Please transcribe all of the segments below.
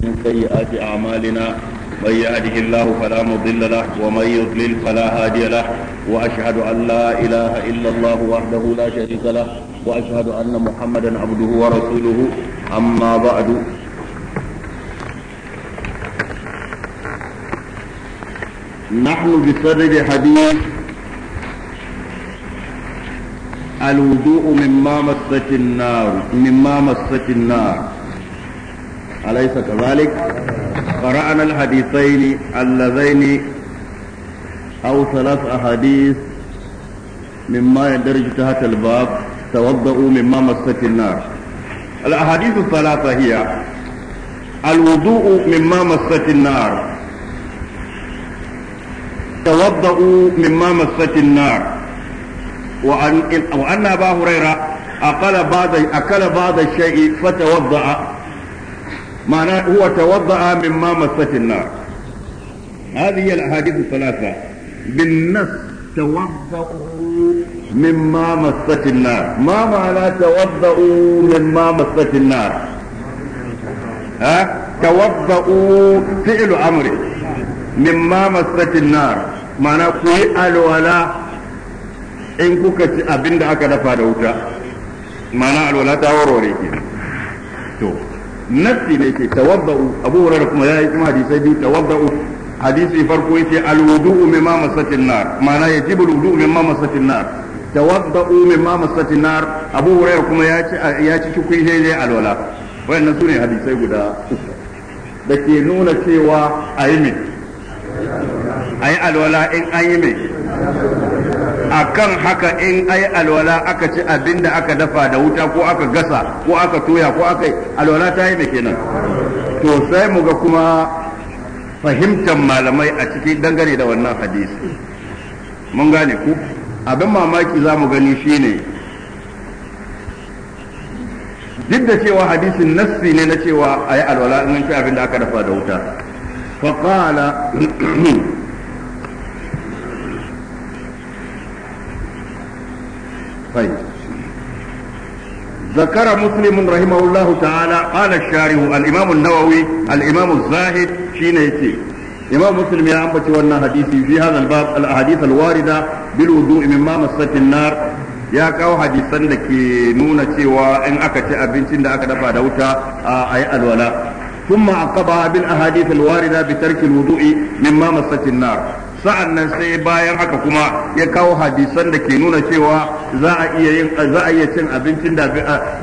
من سيئات أعمالنا من يهده الله فلا مضل له ومن يضلل فلا هادي له وأشهد أن لا إله إلا الله وحده لا شريك له وأشهد أن محمدا عبده ورسوله أما بعد نحن بسبب حديث الوضوء مما مست النار مما مست النار أليس كذلك قرأنا الحديثين اللذين أو ثلاث أحاديث مما يندرج تحت الباب توضؤوا مما مست النار الأحاديث الثلاثة هي الوضوء مما مست النار توضؤوا مما مست النار وأن, وأن أبا هريرة أكل بعض أكل بعض الشيء فتوضأ معناه هو توضأ مما مست النار هذه الأحاديث الثلاثة بالنص توضأوا مما مست النار ما معنى توضأوا مما مست النار ها توضأوا فعل أمر مما مست النار معناه كوي الولاء إن كوكت أبند أكد فادوتا معناه الولاء توروري كده nafsi ne ke tawadda'u abu hurairah kuma yayi kuma hadisai biyu tawadda'u hadisi farko yake alwudu'u mimma masatin nar ma'ana yajibu alwudu'u mimma masatin nar tawadda'u mimma masatin nar abu hurairah kuma ya ci ya ci kuyi sai dai alwala wayannan sune hadisai guda da ke nuna cewa ayi a ayi alwala in an yi me akan haka in ai alwala aka ci abin aka dafa da wuta ko aka gasa ko aka toya ko aka alwala ta yi kenan to sai mu ga kuma fahimtar malamai a ciki dangane da wannan hadisi mun gane ku abin mamaki za mu gani shine duk da cewa hadisin nassi ne na cewa a yi alwala in ci abin da aka dafa da wuta faƙala طيب ذكر مسلم رحمه الله تعالى قال الشارع الإمام النووي الإمام الزاهد شين يتي إمام مسلم يا أمتي وأن حديثي في هذا الباب الأحاديث الواردة بالوضوء مما مست النار ya kawo hadisan da ke nuna cewa in aka ci abincin da aka dafa da wuta a yi alwala ثم عقبها بالأحاديث الواردة بترك الوضوء مما مست النار sa'an nan sai bayan haka kuma ya kawo hadisan da ke nuna cewa za a iya yin za a iya cin abincin da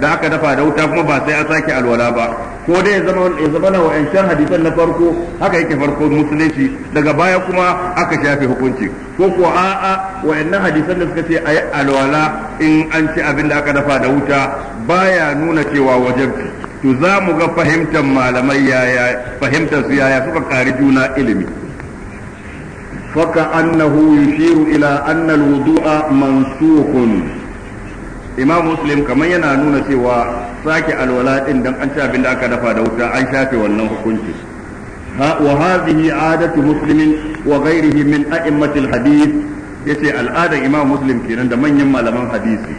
da aka dafa da wuta kuma ba sai a sake alwala ba ko dai ya zama ya zama na wa'ancan hadisan na farko haka yake farko musulunci daga baya kuma aka shafe hukunci ko ko a'a wa'annan hadisan da suka ce ayi alwala in an ci abin da aka dafa da wuta baya nuna cewa wajibci to za mu ga fahimtar malamai yaya fahimtar su yaya suka kari juna ilimi فكأنه يشير إلى أن الوضوء منسوخ imam muslim kamar yana nuna cewa sake alwala din dan an ci abin da aka dafa da wuta an shafe wannan hukunci wa adatu muslimin wa ghairihi min a'immatil hadith yace al'adar imam muslim kenan da manyan malaman hadisi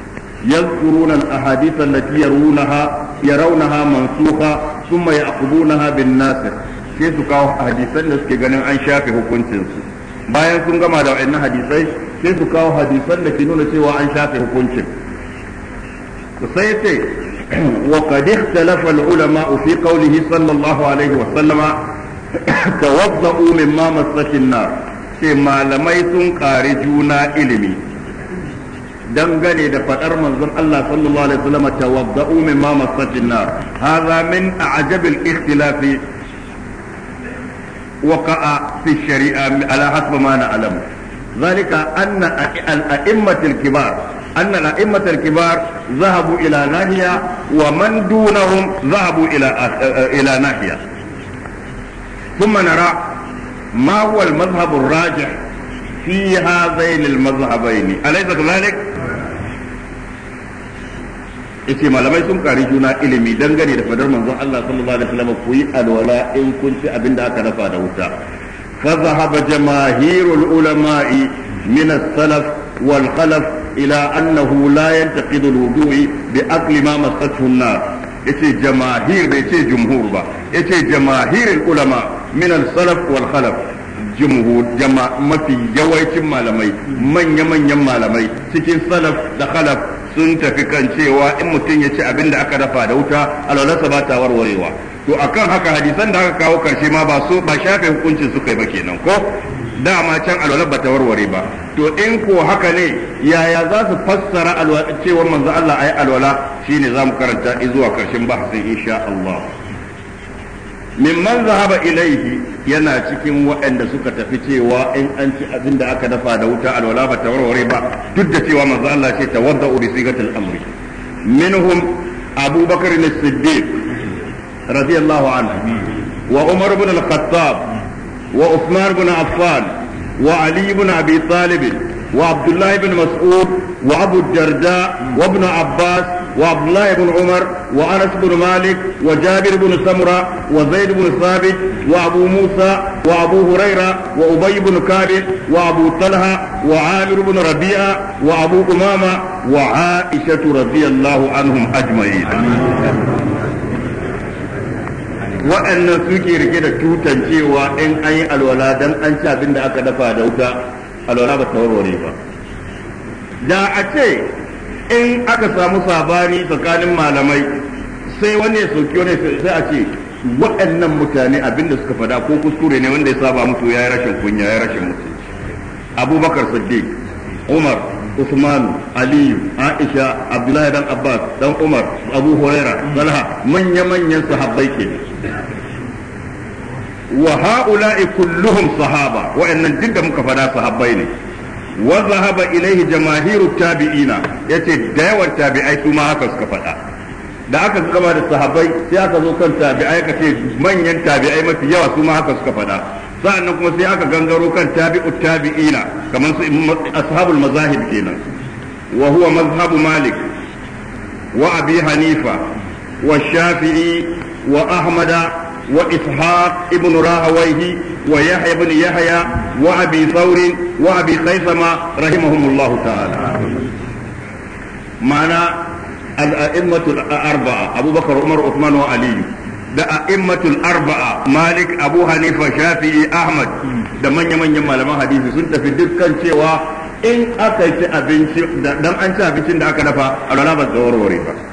yadhkuruna al-ahadith allati yarunaha yarawnaha mansukha thumma ya'qudunaha bin nasir sai su kawo hadisan da suke ganin an shafe hukuncinsu. bayan sun gama da wa'annan hadisai sai su kawo hadisan da ke nuna cewa an shafe hukuncin sai ce wa qad ikhtalafa al-ulama fi qawlihi sallallahu alaihi wa sallama tawadda'u mimma massat an-nar sai malamai sun kare juna ilimi dangane da fadar manzon Allah sallallahu alaihi wa sallama tawadda'u mimma massat an-nar hadha min a'jab al-ikhtilafi وقع في الشريعة على حسب ما نعلم ذلك أن الأئمة الكبار أن الأئمة الكبار ذهبوا إلى ناحية ومن دونهم ذهبوا إلى إلى ناحية ثم نرى ما هو المذهب الراجح في هذين المذهبين أليس كذلك؟ ce malamai sun kari juna ilimi dangane da fadar manzon Allah sallallahu alaihi wasallam ku yi alwala in kun ci abin aka dafa da wuta fa zahaba jamaahirul ulama'i min as-salaf wal khalaf ila annahu la yantaqidu al-wudu'i bi akli ma masathu an-nar yace jamaahir bai ce jumhur ba yace jamaahirul ulama min as-salaf wal khalaf jumhur jama mafi yawancin malamai manya-manyan malamai cikin salaf da khalaf sun tafi kan cewa in mutum ya ci abin da aka dafa da wuta alwalarsa ba ta warwarewa to akan haka hadisan da aka kawo karshe ma ba so ba shafe hukuncin suka yi ba kenan ko dama can alwalar ba ta warware ba to in ko haka ne yaya za su fassara cewa manzo Allah ayi alwala shine zamu karanta zuwa karshen bahasin insha Allah mimman zahaba ilaihi yana cikin waɗanda suka tafi cewa in an ci abin da aka dafa da wuta alwala ba tawarware ba duk da cewa manzo Allah ce tawadda bi sigatil amri minhum Abu Bakar as-Siddiq radiyallahu anhu wa Umar ibn al-Khattab wa Uthman ibn Affan wa Ali ibn Abi Talib wa Abdullah ibn Mas'ud wa Abu Darda wa Ibn Abbas وعبد الله بن عمر وأنس بن مالك وجابر بن سمرة وزيد بن ثابت وأبو موسى وأبو هريرة وأبي بن كعب وأبو طلحة وعامر بن ربيعة وأبو أمامة وعائشة رضي الله عنهم أجمعين waɗannan suke rike da tutan cewa in an yi alwala don an ci abin da aka dafa da wuta alwala ba ta warware ba da a ce in aka samu sabani tsakanin malamai sai wani ya wani sai a ce waɗannan mutane abinda suka fada ko kuskure ne wanda ya saba musu ya yi rashin kunya ya yi rashin mutu abubakar Sadde, umar usman aliyu aisha abdullahi dan abbas dan umar abu huraira talha manya manyan sahabbai ke wa ha'ula'i kulluhum sahaba wa'annan duk da muka fada sahabbai ne wa zahaba ilaihi jamaahiru tabi'ina yace da yawan tabi'ai su ma haka suka faɗa da aka gaba da sahabai sai aka zo kan tabi'ai ka ce manyan tabi'ai mafi yawa su ma haka suka faɗa sa'annan kuma sai aka gangaro kan tabi'u tabi'ina kamar su ashabul mazahib kenan Wahuwa mazhabu malik wa abi hanifa wa shafi'i wa ahmada وإسحاق ابن راهويه ويحيى بن يحيى وأبي ثور وأبي خيثمة رحمهم الله تعالى معنى الأئمة الأربعة أبو بكر عمر عثمان وعلي da a'immatul arba'a Malik Abu Hanifa Shafi'i Ahmad da manya-manyan malaman hadisi sun tafi dukkan cewa in aka ci abinci dan an ci abincin da aka dafa a rana ba warware ba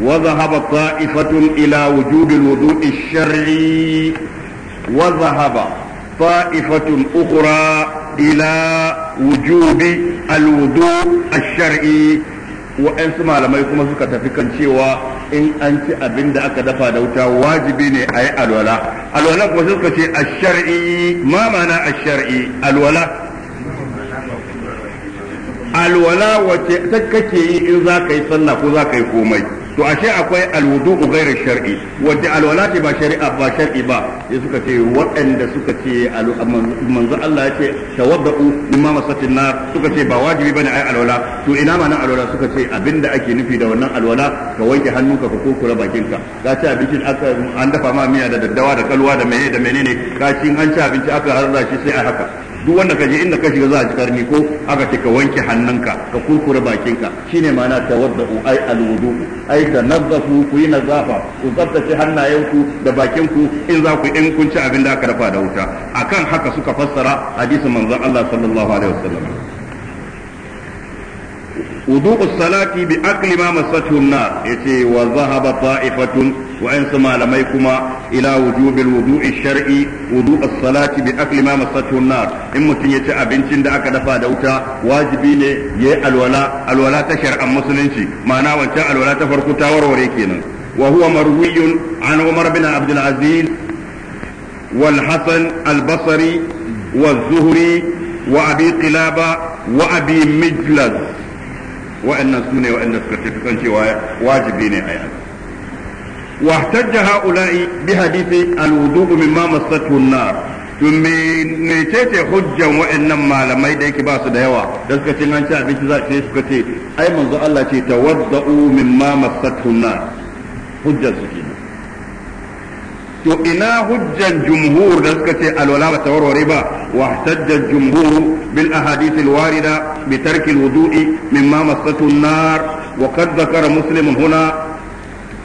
وذهب طائفة إلى وجود الوضوء الشرعي وذهب طائفة أخرى إلى وجوب الوضوء الشرعي wa'yansu malamai kuma suka tafi kan cewa in an ci abin da aka dafa da wuta wajibi ne a yi alwala alwala kuma suka ce a shari'i ma a alwala alwala kake yi in za ka yi sallah ko za ka yi komai to ashe akwai alwudu ghairu shar'i wadda alwala ce ba shari'a ba shar'i ba sai suka ce waɗanda suka ce manzo Allah ya ce tawadda'u mimma masatin nar suka ce ba wajibi bane ai alwala to ina ma nan alwala suka ce abinda ake nufi da wannan alwala ka wanke hannunka ka kokura bakinka ka ci abinci aka an dafa ma miya da daddawa da kalwa da meye da menene ka shi an ci abinci aka harza shi sai a haka duk wanda ka je inda ka shiga za a ji karni ko aka ce ka wanke hannunka ka kurkure bakinka shine ma'ana tawadda'u ai alwudu ai tanazzafu ku yi nazafa ku tsaftace hannayenku da bakinku in za ku in kun ci abin da aka dafa da wuta akan haka suka fassara hadisin manzon Allah sallallahu alaihi wasallam wudu'u salati bi akli ma masatu nar yace wa zahaba ta'ifatun wa malamai kuma ila wujubil wudu'i shar'i wudu'u salati bi akli ma masatu nar in mutun yace abincin da aka dafa da wuta wajibi ne yayi alwala alwala ta shar'an musulunci ma'ana wancan alwala ta farko ta warware kenan wa huwa marwiyun an Umar bin Abdul Aziz والحسن البصري والزهري Qilaba, قلابة وأبي wa'annan su ne wa'anda suka ce kan cewa wajibi ne a yi واحتج هؤلاء بحديث الوضوء مما مسته النار to mecece hujjan wa'annan malamai da yake ba su da yawa da suka ce an ci abinci za ce ce ai manzo Allah ce tawadda'u mimma masatuna hujjar suke to ina hujjan jumhur da suka ce alwala ba tawarware ba wa hajjaj jumhur bil ahadith al warida bi tarki al wudu'i mimma massatu an nar wa qad dhakara muslim huna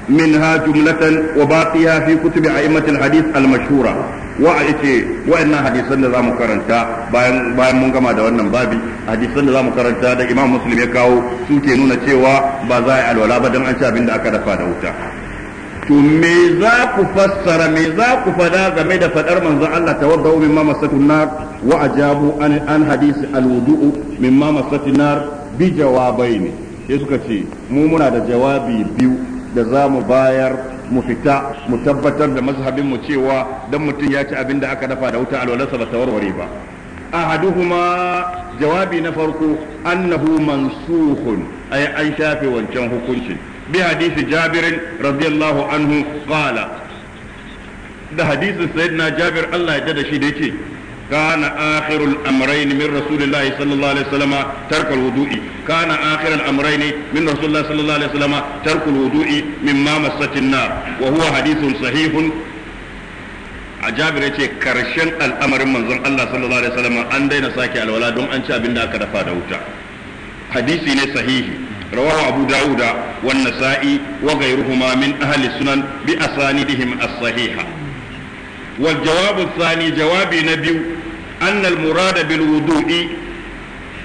منها جملة وباقيها hadith al أئمة الحديث المشهورة وأيتي وإن da نظام كرنتا باين bayan mun gama da wannan babi hadisan da zamu karanta da Imam Muslim ya kawo su ke nuna cewa ba za a yi alwala ba dan an ci abin da aka dafa da wuta to me za ku fassara me za ku fada game da fadar manzon Allah tawaddu mimma masatun nar wa ajabu an an hadisi alwudu mimma masatun nar bi jawabaini sai suka ce mu muna da jawabi biyu da za mu bayar mu fita mu tabbatar da mazhabin mu cewa dan mutum ya ci abin da aka dafa da wuta alwala ba ta warware ba ahaduhuma jawabi na farko annahu mansukhun ay an shafe wancan hukuncin بحديث جابر رضي الله عنه قال ده حديث سيدنا جابر الله يجد شيء كان آخر الأمرين من رسول الله صلى الله عليه وسلم ترك الوضوء كان آخر الأمرين من رسول الله صلى الله عليه وسلم ترك الوضوء مما مست النار وهو حديث صحيح Jabir ya ce karshen al'amarin manzon Allah sallallahu alaihi wasallam an daina sake alwala don an ci abin da aka dafa da wuta hadisi ne sahihi رواه أبو داود والنسائي وغيرهما من أهل السنن بأسانيدهم الصحيحة والجواب الثاني جواب نبي أن المراد بالوضوء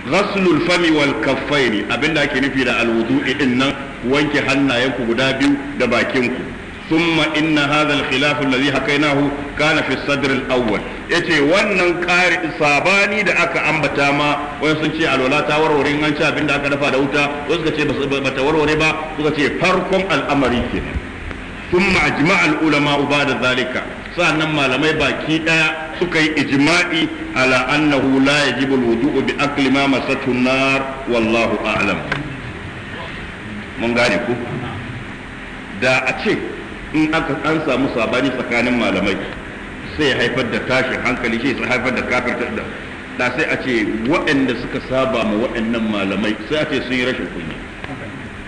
غسل الفم والكفين أبن لكن في الوضوء إن wanke hannayenku guda biyu da bakinku thumma inna hadha al-khilaf alladhi hakainahu kana fi sadr awwal yace wannan kare sabani da aka ambata ma wani sun ce alwala ta warware an ci abin da aka dafa da wuta wasu suka ce ba ta warware ba suka ce farkon al'amari ke. thumma ajma'a al-ulama zalika. dhalika malamai baki daya suka yi ijma'i ala annahu la yajibu al bi akli ma masatu nar wallahu a'lam mun gane ku da a ce in aka an samu sabani tsakanin malamai sai ya haifar da tashin hankali shi sai haifar da kafirta da da sai a ce waɗanda suka saba ma waɗannan malamai sai a ce sun yi rashin kunya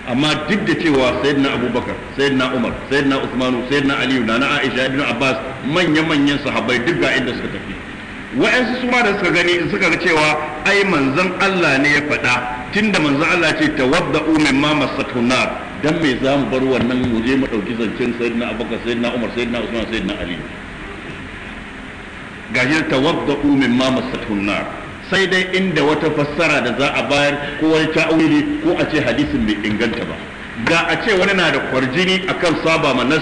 amma duk da cewa sayyidina abubakar sayyidina umar sayyidina usmanu sayyidina aliyu na na aisha ibn abbas manya-manyan sahabbai duk ga inda suka tafi wa'ansu su ma da suka gani suka ga cewa ai manzon Allah ne ya faɗa tunda manzon Allah ce tawadda'u umar masatun nar dan me za mu bar wannan mu je mu ɗauki zancen sayyidina abubakar sayyidina umar sayyidina usman sayyidina ali tawaddu min ma masatun nar sai dai inda wata fassara da za a bayar ko wani ta'awili ko a ce hadisin bai inganta ba ga a ce wani na da kwarjini akan saba ma da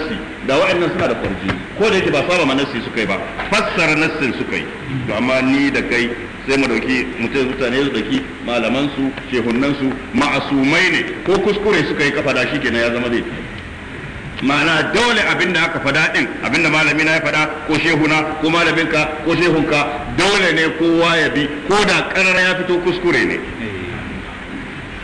wa'annan suna da kwarjini ko da yake ba saba ma suka yi ba fassara nassin suka yi to amma ni da kai sai mu dauki mutum mutane su dauki malaman su shehunan su ma'asumai ne ko kuskure suka yi kafa da shi kenan ya zama zai ma'ana dole abin da aka fada din abin da malami na ya fada ko shehuna ko ka ko shehunka dole ne kowa ya bi ko da karara ya fito kuskure ne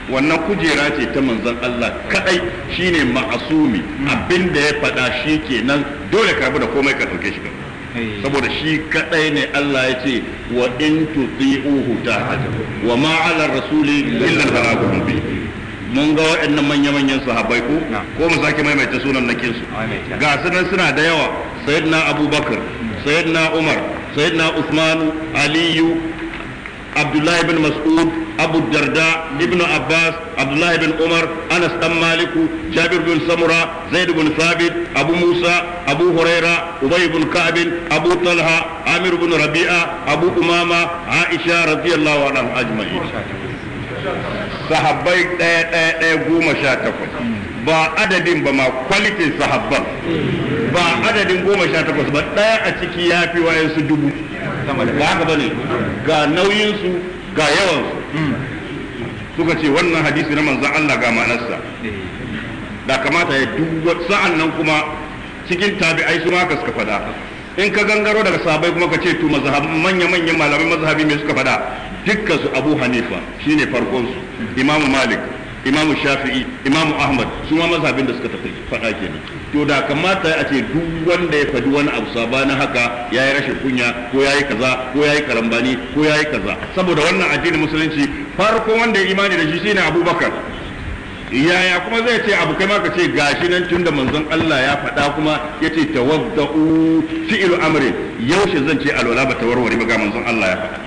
wannan kujera ce ta manzon Allah kadai shine ma'asumi abinda ya fada shi kenan dole ka da komai ka dauke shi saboda shi kadai ne Allah ya ce wa in tuti'uhu tahtadu wa ma rasuli illa al-balagh mun ga waɗannan manya-manyan sahabbai ko ko mu sake maimaita sunan na kinsu ga sunan suna da yawa sayyidina abubakar sayyidina umar sayyidina usmanu aliyu abdullahi bin mas'ud abu darda ibnu abbas abdullahi bin umar anas dan maliku jabir bin samura zaid bin sabit abu musa abu huraira ubay bin abu talha amir bin rabi'a abu umama aisha radiyallahu anhum ajma'in sahabbai ɗaya ɗaya ɗaya goma sha takwas ba adadin ba ma kwalitin sahabban ba adadin goma sha takwas ba ɗaya a ciki ya fi wayansu dubu sama da haka bane ga nauyin su ga yawan su hmm. suka ce wannan hadisi na manzon Allah ga ma'anarsa eh. da kamata ya sa'an nan kuma cikin tabi'ai su ma ka suka faɗa in ka gangaro daga sabai kuma ka ce to manya-manyan malamai mazhabi mai suka fada dukkan su abu hanifa shine farkon su hmm. Imam malik Imam shafi'i Imam ahmad su ma mazhabin da suka tafi faɗa kenan to da kamata a ce duk wanda ya faɗi wani abu na haka ya yi rashin kunya ko ya yi kaza ko ya yi karambani ko ya yi kaza saboda wannan addinin musulunci farko wanda ya imani da shi shine abubakar yaya kuma zai ce abu kai maka ce gashi nan tun da manzon Allah ya faɗa kuma ya ce tawadda'u fi'ilu amrin yaushe zan ce alwala ba tawarware ba ga manzon Allah ya faɗa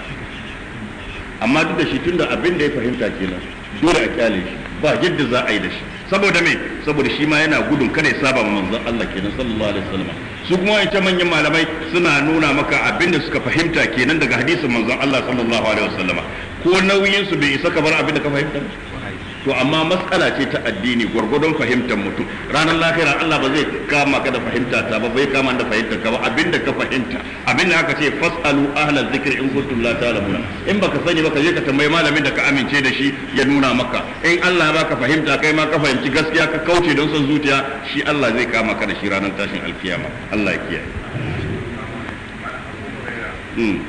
amma duk da shi tun da abin da ya fahimta kenan dole a kyale shi ba yadda za a yi da shi saboda me saboda shi ma yana gudun kada ya saba manzon Allah kenan sallallahu alaihi wasallam su kuma wayance manyan malamai suna nuna maka abinda suka fahimta kenan daga hadisin manzon Allah sallallahu alaihi wasallam ko nauyin su bai isa ka bar abinda ka fahimta ba to amma matsala ce ta addini gwargwadon fahimtar mutum ranar lahira Allah ba zai kama ka da fahimta ta ba bai kama da fahimtar ka ba abinda ka fahimta abinda aka ce fasalu ahlal zikri in kuntum la ta'lamuna in baka sani ba ka je ka tambayi malamin da ka amince da shi ya nuna maka in Allah ya baka fahimta kai ma ka fahimci gaskiya ka kauce don son zuciya shi Allah zai kama ka da shi ranar tashin alkiyama Allah ya kiyaye Mm.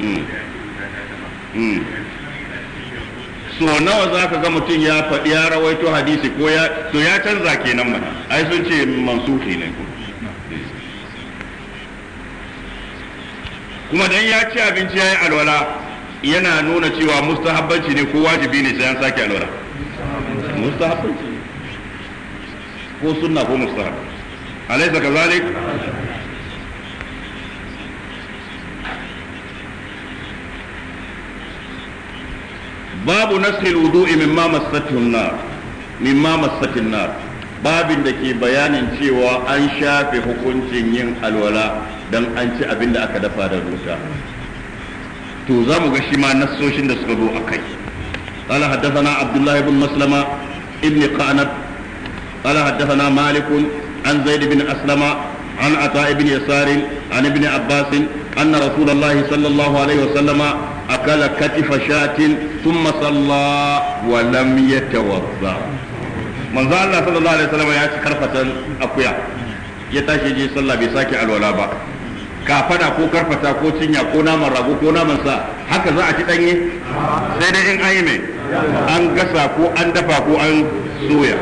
Mm. Mm. so nawa za ka ga mutum ya faɗi ya rawaito hadisi ko ya to ya canza kenan mana ai sun ce mansuhi ne kuma dan ya ci abinci ya yi alwala yana nuna cewa mustahabbanci ne ko wajibi ne sai an sake alwala mustahabbanci ko sunna ko mustahab alaysa kazalik babu nasril wudu'i mimma massatun nar mimma babin da ke bayanin cewa an shafe hukuncin yin alwala dan an ci abin da aka dafa da rusa to za mu ga shi ma nasoshin da suka zo a kai قال حدثنا عبد الله بن مسلمة ابن قعنب قال حدثنا مالك عن زيد بن أسلم عن عطاء بن يسار عن ابن عباس أن رسول الله صلى الله عليه وسلم akala katifa shatin sun masalla wa lam ya tawazza manzo Allah sallallahu alaihi wasallam ya ci karfatan akuya ya tashi je sallah bai sake alwala ba kafada ko karfata ko cinya ko naman rago ko naman sa haka za a ci danye sai dai in ayi mai an gasa ko an dafa ko an soya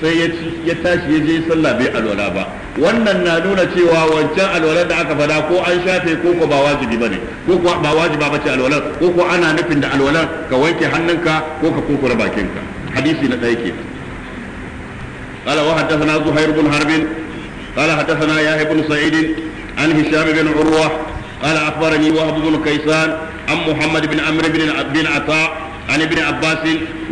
sai ya tashi ya je sallah bai alwala ba wannan na nuna cewa wancan alwalar da aka fada ko an shafe ko ko ba wajibi bane ko ko ba ba ce alwalar ko ko ana nufin da alwalar ka wanke hannunka ko ka kokura bakinka hadisi na ɗaya kenan قال وحدثنا زهير بن حرب قال حدثنا يحيى بن سعيد عن هشام بن عروة قال أخبرني وهب بن كيسان عن محمد بن عمرو بن عطاء عن ابن عباس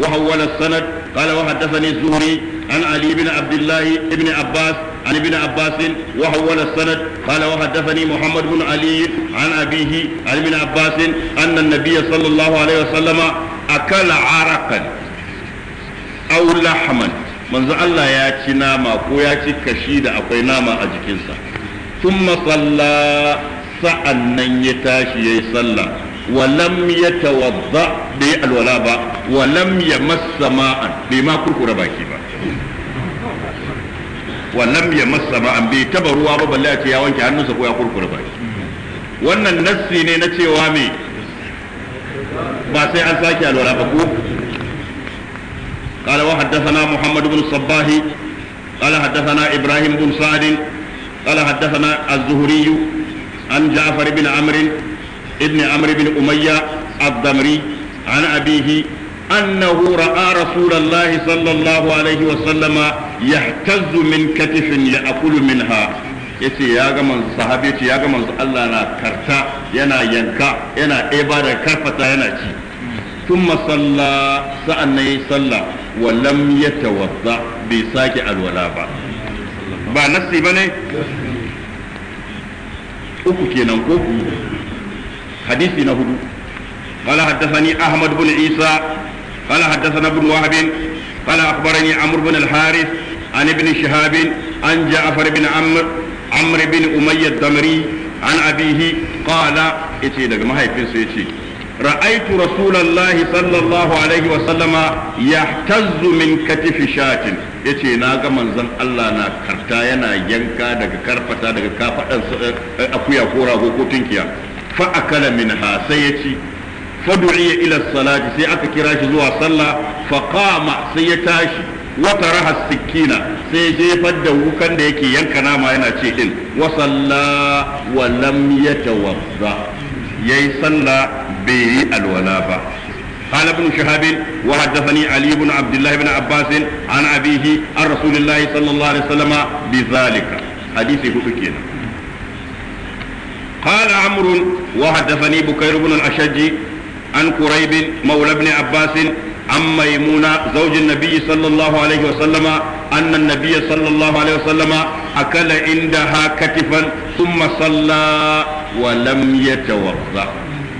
وحول السند قال وحدثني الزهري عن علي بن عبد الله بن عباس عن ابن عباس وحول السند قال وحدثني محمد بن علي عن أبيه عن ابن عباس أن النبي صلى الله عليه وسلم أكل عرقا أو لحما manzo Allah ya ci nama ko ya ci kashi da akwai nama a jikinsa thumma salla sa'annan ya tashi yayi sallah ولم يتوضا بالولاء با ولم يمس ماء بما كركر باكي با ولم يمس ماء بي تبروا ابو بالله يا وانكي هنو سكو يا كركر باكي wannan nassi ne na cewa me ba sai an sake alwala ba ko qala wa haddathana muhammad ibn sabbahi qala haddathana ibrahim ibn sa'd qala haddathana az-zuhri an ja'far ibn amr ابن عمرو بن أمية الضمري عن أبيه أنه رأى رسول الله صلى الله عليه وسلم يهتز من كتف يأكل منها yace ya ga manzo sahabi ya ga manzo Allah na karta yana yanka yana ɗeba da karfata yana ci tun salla sa'an nan sallah wa lam yatawadda bai sake alwala ba ba nasi ne? uku kenan ko hadisi na hudu قال حدثني أحمد بن عيسى قال حدثنا ابن وهب قال أخبرني عمرو بن الحارث عن ابن شهاب عن جعفر بن عمرو عمرو بن أمية الدمري عن أبيه قال إتي ما هي في رأيت رسول الله صلى الله عليه وسلم يحتز من كتف شاة yace na ga manzon Allah na karta yana yanka daga karfata daga kafadan akuya ko rago ko tunkiya fa kala minha sai ya ci fa du'iya ila salati sai aka kira shi zuwa sallah fa sai ya tashi wata raha sikina sai ya jefar da wukan da yake yanka nama yana ce din wa salla wa lam yatawadda yayi sallah bai yi alwala ba قال ابن شهاب وحدثني علي بن عبد الله بن عباس عن أبيه عن رسول الله صلى الله عليه وسلم بذلك حديث هو قال عمرو وحدثني بكير بن الأشج عن قريب مولى بن عباس عن ميمونة زوج النبي صلى الله عليه وسلم أن النبي صلى الله عليه وسلم أكل عندها كتفا ثم صلى ولم يتوضأ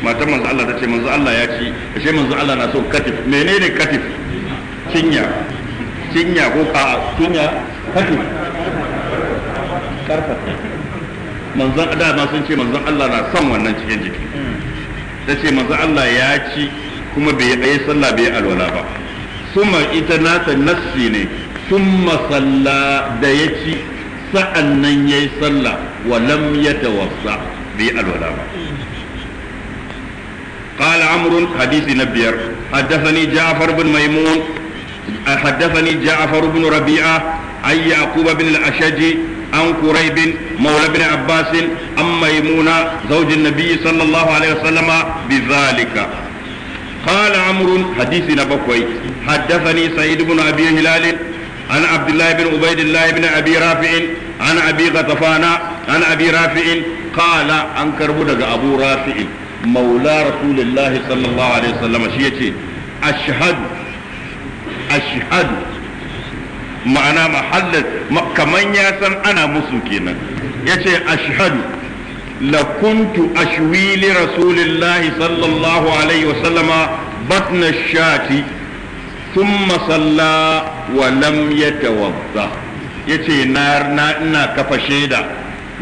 ما تم منزع الله تشي منزع الله يأتي تشي منزع الله نسو كتف منين كتف cinya cinya ko ka cinya kati karfa manzon dama sun ce manzon Allah na son wannan cikin jiki ta ce manzon Allah ya ci kuma bai yi sallah bai alwala ba suma ita nata nassi ne summa salla da ya ci sa'an nan ya yi sallah wa lam ya tawassa bai yi alwala ba قال عمرو حديث نبير حدثني جعفر بن ميمون حدثني جعفر بن ربيعة عن يعقوب بن الأشج عن قريب مولى بن عباس عن ميمونة زوج النبي صلى الله عليه وسلم بذلك قال عمرو حديثنا بقوي حدثني سعيد بن أبي هلال عن عبد الله بن عبيد الله بن أبي رافع عن أبي غطفان عن أبي رافع قال أنكر بدك أبو رافع مولى رسول الله صلى الله عليه وسلم شيئتي أشهد أشهد ma'ana mahallin kaman ya san ana musu kenan yace ashhadu la kuntu ashwi li rasulillahi sallallahu alaihi wa sallama batna shati thumma salla wa lam yatawadda yace na na ina kafa shaida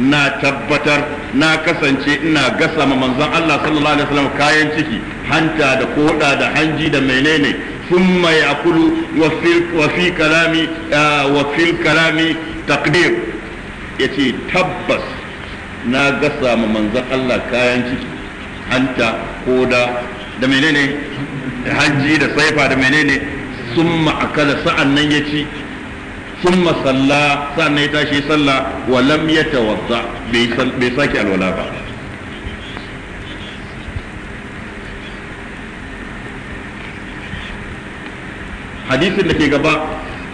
na tabbatar na kasance ina gasa ma manzon Allah sallallahu alaihi wasallam kayan ciki hanta da koda da hanji da menene ثم يأكل وفي, وفي كلام آه وفي الكلام tabbas na gasa ma من ذا الله كاين أنت كودا da menene hajji da saifa da menene summa akala sa'an ya ci summa salla sa'an ya tashi salla wa lam yatawadda bai sake alwala ba hadisin da ke gaba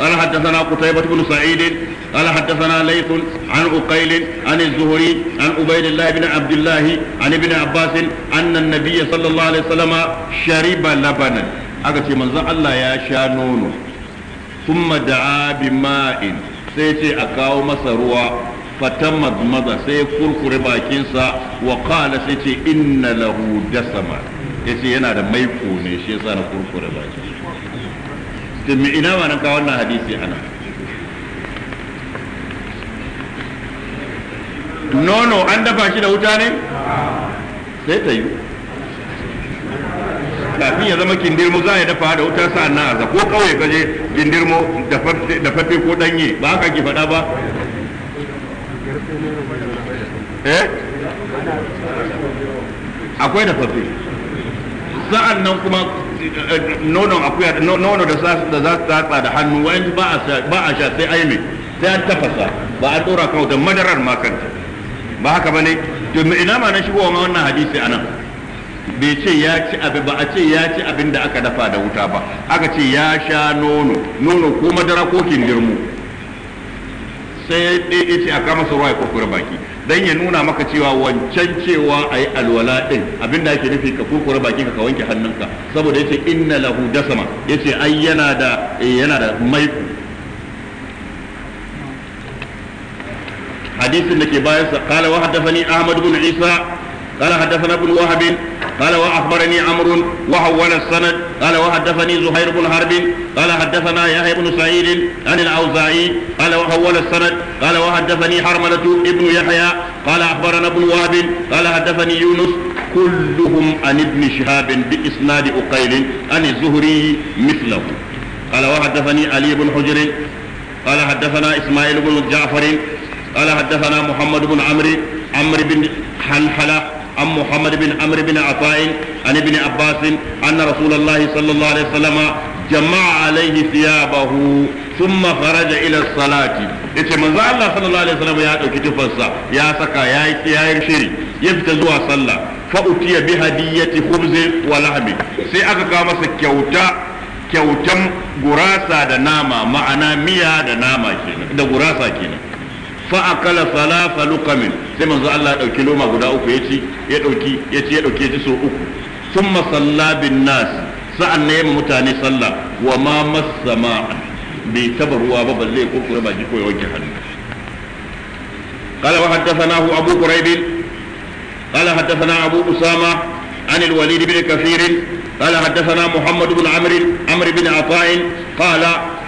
قال حدثنا قتيبة بن سعيد قال حدثنا ليث عن عقيل عن الزهري عن عبيد الله بن عبد الله عن ابن عباس أن النبي صلى الله عليه وسلم شرب لبنا أكتي من الله يا شانونو ثم دعا بماء سيتي أكاو مسروا فتمد مضى سيكون كرباكينسا وقال سيتي إن له دسما يتي ينا دا ميكوني شيسان كرباكينسا to me ina ma na kawo wannan hadisi ana nono an dafa shi da wuta ne sai ta yi kafin ya zama kindirmo za ya dafa da wuta sa'an na aza ko kawai kaje kindirmo da fafe ko danye ba haka ke faɗa ba eh akwai da fafe sa'an nan kuma Eh, nonon akuya nono da za su tsatsa da hannu wayan ba a sha sai aime sai an tafasa ba a dora kawai da madarar ma kanta ba haka ba ne to ina ma na shigowa ma wannan hadisi anan bai ce ya ci abu ba a ce ya ci abin da aka dafa da wuta ba aka ce ya sha nono nono ko madara ko kindirmu sai ya ce a kama su ruwa ya kurkure baki dan ya nuna maka cewa wancan cewa a yi alwala din abinda ake nufi ka kurkure bakin ka wanke hannunka saboda yace inna lahu dasama yace ai yana da eh, yana da maiku hadisin da ke bayan sa qala wa haddathani ahmad ibn isa قال حدثنا ابن وهب قال واخبرني عمرو وحول السند قال وحدثني زهير بن حرب قال حدثنا يحيى بن سعيد عن الاوزاعي قال وحول السند قال وحدثني حرملة ابن يحيى قال اخبرنا ابن وهب قال حدثني يونس كلهم عن ابن شهاب باسناد اقيل عن الزهري مثله قال وحدثني علي بن حجر قال حدثنا اسماعيل بن جعفر قال حدثنا محمد بن عمرو عمرو بن حنحله عن محمد بن عمرو بن عطاء عن ابن عباس أن رسول الله صلى الله عليه وسلم جمع عليه ثيابه ثم خرج إلى الصلاة yace manzo Allah sallallahu alaihi wasallam ya ɗauki tufarsa ya saka ya yi shiri ya fita zuwa sallah fa utiya bi hadiyati khubz wa lahmi sai aka kawo masa kyauta kyautan gurasa da nama ma'ana miya da da gurasa kenan فأكل صلاة لقم زي ما زال الله يدوكي لوما قد أوكو يتي يدوكي يتي يدوكي يتي سو أوكو ثم صلى بالناس سأل نيم متاني صلى وما مس ماء بيتبر هو أبو بلي قلت ربا جيكو يوجه قال وحدثناه أبو قريب قال حدثنا أبو أسامة عن الوليد بن كثير قال حدثنا محمد بن عمرو عمرو بن عطاء قال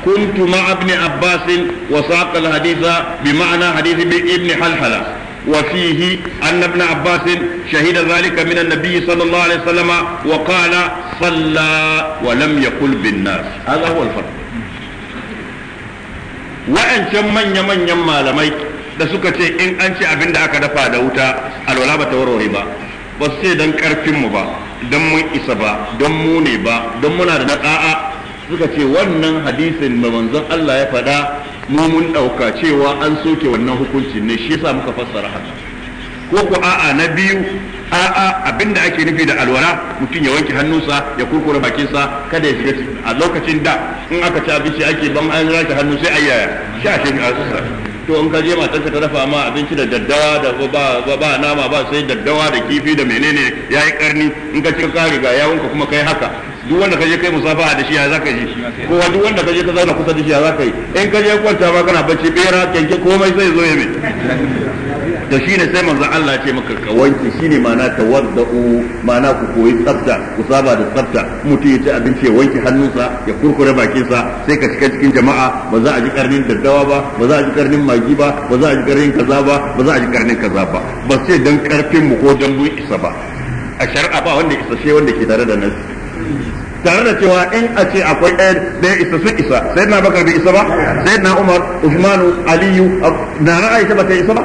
كنت مع ابن عباس وساق الحديث بمعنى حديث ابن حلحلة وفيه أن ابن عباس شهد ذلك من النبي صلى الله عليه وسلم وقال صلى ولم يقل بالناس هذا هو الفرق وأن من يمن يما لميت da suka ce in an ci abin da aka dafa da wuta alwala ba ta warware ba ba su ce don karfinmu ba don mun isa ba don mu ne ba don muna da na suka ce wannan hadisin da manzon Allah ya faɗa mu mun ɗauka cewa an soke wannan hukunci ne shi yasa muka fassara haka ko ku a'a na biyu a'a abinda ake nufi da alwala mutum ya wanke hannunsa ya kurkure bakinsa kada ya shiga a lokacin da in aka ci abinci ake ban an rake hannu sai ayyaya sha shi a to in ka je matarka ta dafa ma abinci da daddawa da ba ba nama ba sai daddawa da kifi da menene yayi karni in ka ci ka riga yawunka kuma kai haka duk wanda kaje kai musafaha da shi ya zaka yi kowa duk wanda kaje ka zauna kusa da shi ya zaka yi in kaje kwanta ba kana bacci bera kenke komai sai zo ya Da to shine sai manzon Allah ce maka ka wanke shine ma'ana tawaddu ma'ana ku koyi tsafta ku saba da tsafta mutum ya ci abinci ya wanke hannunsa ya kurkure bakinsa sai ka shiga cikin jama'a ba za a ji karnin daddawa ba ba za a ji karnin magi ba ba za a ji karnin kaza ba ba za a ji karnin kaza ba ba sai dan karfin mu ko dan mu isa ba a shar'a ba wanda isa sai wanda ke tare da nasi tare da cewa in a ce akwai ɗaya da ya isa sun isa sai na bakar bai isa ba sai na umar usmanu aliyu na ra'ayi aisha ba ta isa ba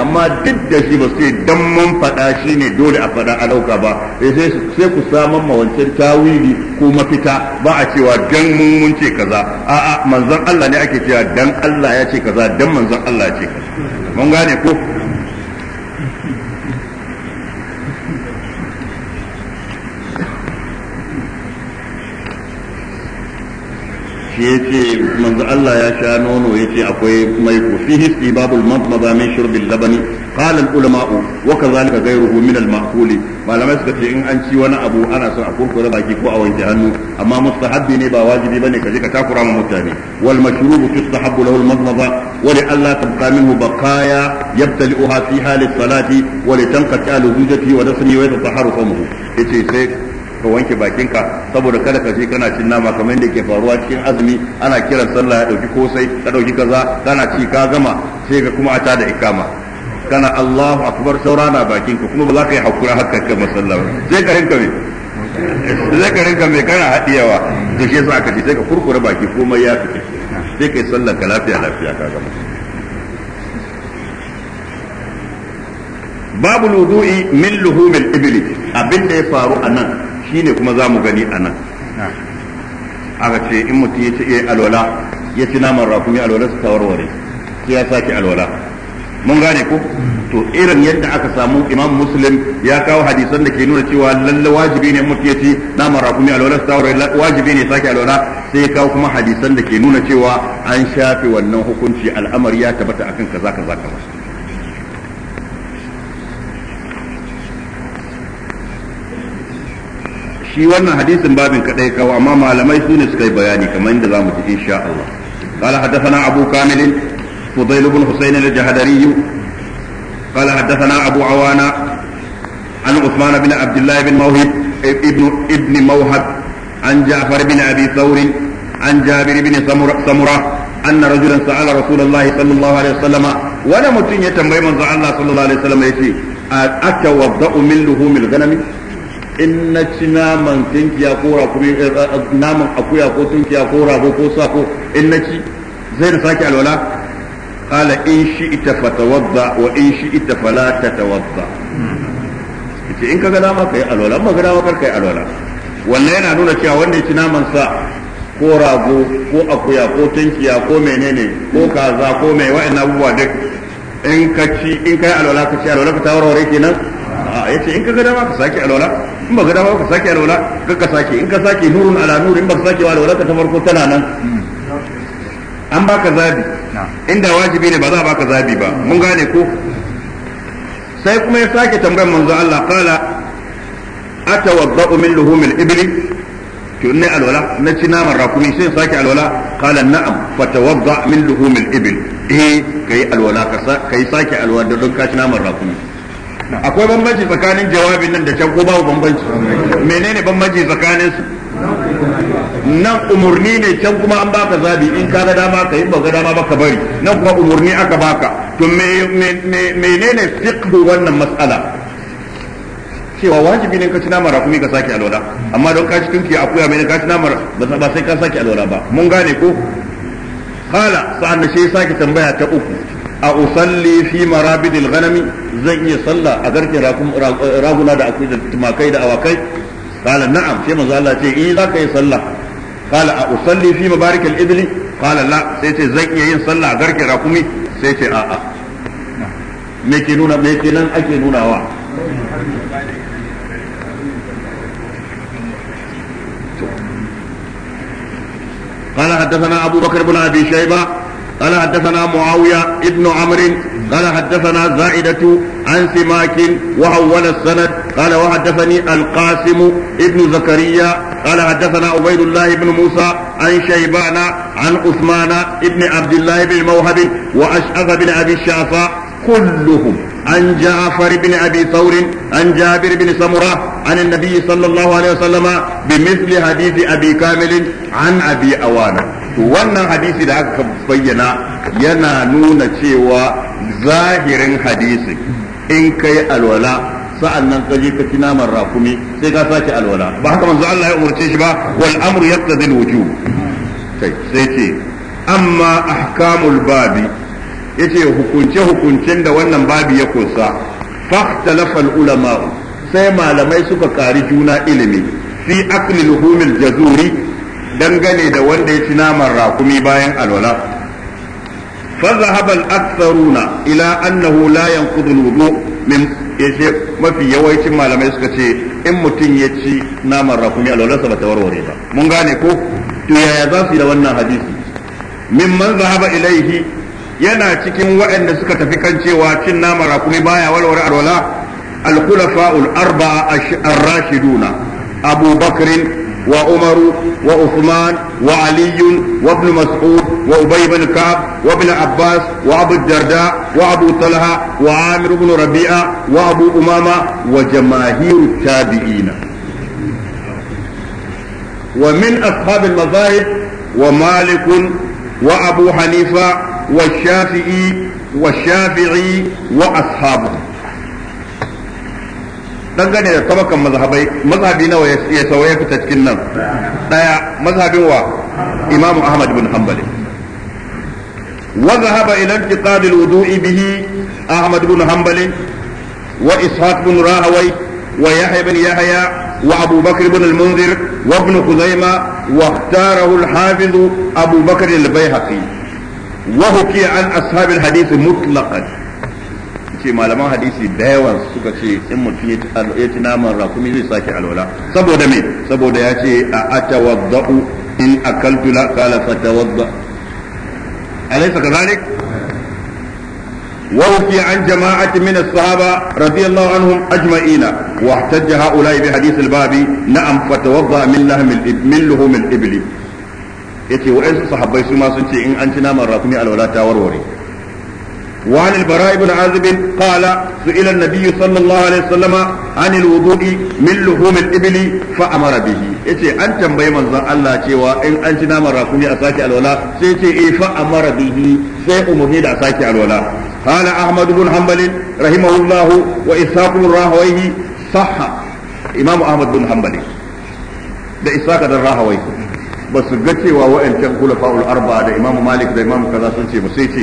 amma duk da shi ba sai dan mun faɗa shi ne dole a faɗa a ɗauka ba eh, sai ku saman ma wancan tawili ko mafita ba a cewa dan mun mun ce kaza a'a manzon Allah ne ake cewa dan Allah ya ce kaza dan manzon Allah ya ce kaza mun gane ko shi ya ce manzo Allah ya sha nono ya ce akwai mai ku fi hisbi babul madmada min shurbil labani qala al ulama wa kadhalika ghayruhu min al ma'qul malamai suka ce in an ci wani abu ana so a kurkure baki ko a wanke hannu amma mustahabbi ne ba wajibi bane ka je ka takura ma mutane wal mashrubu yustahabbu lahu al madmada wa li alla tabqa minhu baqaya yabtali'uha fi hal as salati wa li tanqati al zujati wa dasmi wa yatahharu famuhu yace sai ka wanke bakinka saboda kada ka je kana cin nama kamar yadda ke faruwa cikin azumi ana kiran sallah ya dauki kosai ka dauki kaza kana ci ka gama sai ka kuma a da ikama kana Allahu akbar saura na bakinka kuma ba za ka yi hakura haka ka masallah sai ka rinka me sai ka rinka me kana hadiyawa to shi yasa aka ce sai ka kurkure baki komai ya fice sai kai sallar ka lafiya lafiya ka gama babu ludu'i min luhumil ibli abin da ya faru a nan shine kuma za mu gani a nan aka ce in mutum ya ci iya alwala ya ci naman rakumi alwala su tawarware sai ya sake alwala mun gane ko to irin yadda aka samu imam muslim ya kawo hadisan da ke nuna cewa lalle wajibi ne mutum ya ci naman rakumi alwala su tawarware wajibi ne sake alwala sai ya kawo kuma hadisan da ke nuna cewa an shafe wannan hukunci al'amari ya tabbata akan kaza kaza kaza shi wannan hadisin babin kadai kawo amma malamai su ne suka yi bayani kamar inda zamu ci insha Allah qala hadathana abu kamil fudail ibn husayn al-jahdari qala hadathana abu awana an usman bin abdullah bin mawhib ibn ibn mawhab an ja'far bin abi an jabir bin samura أن رجلا سأل رسول الله صلى الله عليه وسلم ولا متين يتم بيمن الله صلى الله عليه وسلم يسي أتوضأ من لهوم الغنم in na ci naman tunkiya ko rakumi eh, eh, eh, naman akuya ko tunkiya ko rago ko sako in na ci zai da sake alwala kala in shi ita fatawadda wa in shi ita fala tawadda ce in kaga dama kai alwala amma ga dama kar kai alwala wannan yana nuna cewa wanda ya ci naman sa ko rago ko akuya ko tunkiya ko menene ko kaza ko mai wa'in abubuwa duk in ka ci in kai alwala ka ci alwala ka tawarware kenan a yace in kaga dama ka sake alwala in ba ga dama ka sake alwala ka ka sake in ka sake nurun ala nur in ba ka sake alwala ka ta farko tana nan an baka zabi inda wajibi ne ba za a baka zabi ba mun gane ko sai kuma ya sake tambayar manzo Allah kala atawadda'u min luhumil ibli to ne alwala na ci naman rakumi sai sake alwala kala na'am fatawadda min al-ibl eh kai alwala ka sake alwala don ka ci naman rakumi akwai bambanci tsakanin jawabin nan da can ko babu bambanci menene bambanci tsakanin su nan umurni ne can kuma an baka zabi in ka ga dama ka yi ba ga dama ba ka bari nan kuma umurni aka baka to menene fiqh wannan mas'ala cewa wajibi ne ka ci namara kuma ka sake alwala amma don ka ci tunki akuya mai ka ci namara ba sai ka sake alwala ba mun gane ko kala sa'an da shi sake tambaya ta uku a usalli fi marabidil ghanami zan iya sallah a garkin raguna da akwai da tumakai da awakai qala na'am sai manzo Allah ce eh zaka yi sallah kala a usalli fi mabarikil ibli kala la sai ce zan iya yin sallah a garkin rakumi sai ce a'a me ke nuna me ke nan ake nunawa قال حدثنا أبو بكر بن أبي شيبة قال حدثنا معاوية ابن عمرو قال حدثنا زائدة عن سماك وأول السند قال وحدثني القاسم ابن زكريا قال حدثنا عبيد الله بن موسى عن شيبان عن عثمان ابن عبد الله بن موهب وأشعث بن أبي الشعفاء كلهم عن جعفر بن أبي ثور عن جابر بن سمرة عن النبي صلى الله عليه وسلم بمثل حديث أبي كامل عن أبي أوانه to wannan hadisi da aka bayyana yana nuna cewa zahirin hadisi in kai alwala sa'an nan ka ka ci naman rakumi sai ka sake alwala ba haka manzo Allah ya umarce shi ba wal amru yaqtadi al wujub sai sai ce amma ahkamul babi yace hukunce hukuncin da wannan babi ya kusa. fahtalafa al ulama sai malamai suka kari juna ilimi fi akli luhumil jazuri dangane da wanda ya ci naman rakumi bayan alwala fa zahaba al ila annahu la yanqudu al-wudu min yace mafi yawancin malamai suka ce in mutum ya ci naman rakumi alwalarsa ba ta warware ba mun gane ko to yaya za su yi da wannan hadisi mimman zahaba ilaihi yana cikin waɗanda suka tafi kan cewa cin naman rakumi baya warware alwala al-khulafa'ul arba'a ar-rashiduna Abu Bakrin وعمر وعثمان وعلي وابن مسعود وأبي بن كعب وابن عباس وأبو الدرداء وأبو طلحة وعامر بن ربيعة وأبو أمامة وجماهير التابعين ومن أصحاب المذاهب ومالك وأبو حنيفة والشافعي والشافعي وأصحابه dangane da tabakan mazhabai mazhabi nawa ya tawaye ya fita cikin nan daya mazhabin wa imamu ahmad bin hanbali wa zahaba ila intiqad al bihi ahmad bin hanbali wa ishaq bin rahawai wa yahya bin yahya wa abu bakr bin al-munzir wa ibn khuzaimah wa ikhtarahu al-hafiz abu bakr al-bayhaqi وحكي عن أصحاب الحديث مطلقا ce malaman hadisi da yawa suka ce in mutum ya ci naman rakumi zai sake alwala saboda me saboda ya ce a atawadda'u in akaltu la qala fatawadda alaysa kadhalik ووفي عن جماعة من الصحابة رضي الله عنهم أجمعين واحتج هؤلاء بحديث الباب نعم min من لهم من لهم الإبل يتي su ma sun ce in an ci naman على ولا ta warware. وعن البراء بن عازب قال سئل النبي صلى الله عليه وسلم عن الوضوء من لحوم الإبل فأمر به yace an tambayi manzon Allah cewa in an ci naman rakumi a sake alwala sai ce eh fa amara bihi sai da a sake alwala قال أحمد بن حنبل رحمه الله وإسحاق بن راهويه صح إمام أحمد بن حنبل ده إسحاق بن راهويه ba su ga cewa wa'ancan kulafa'ul arba'a da imamu malik da imamu kaza sun ce ba sai ce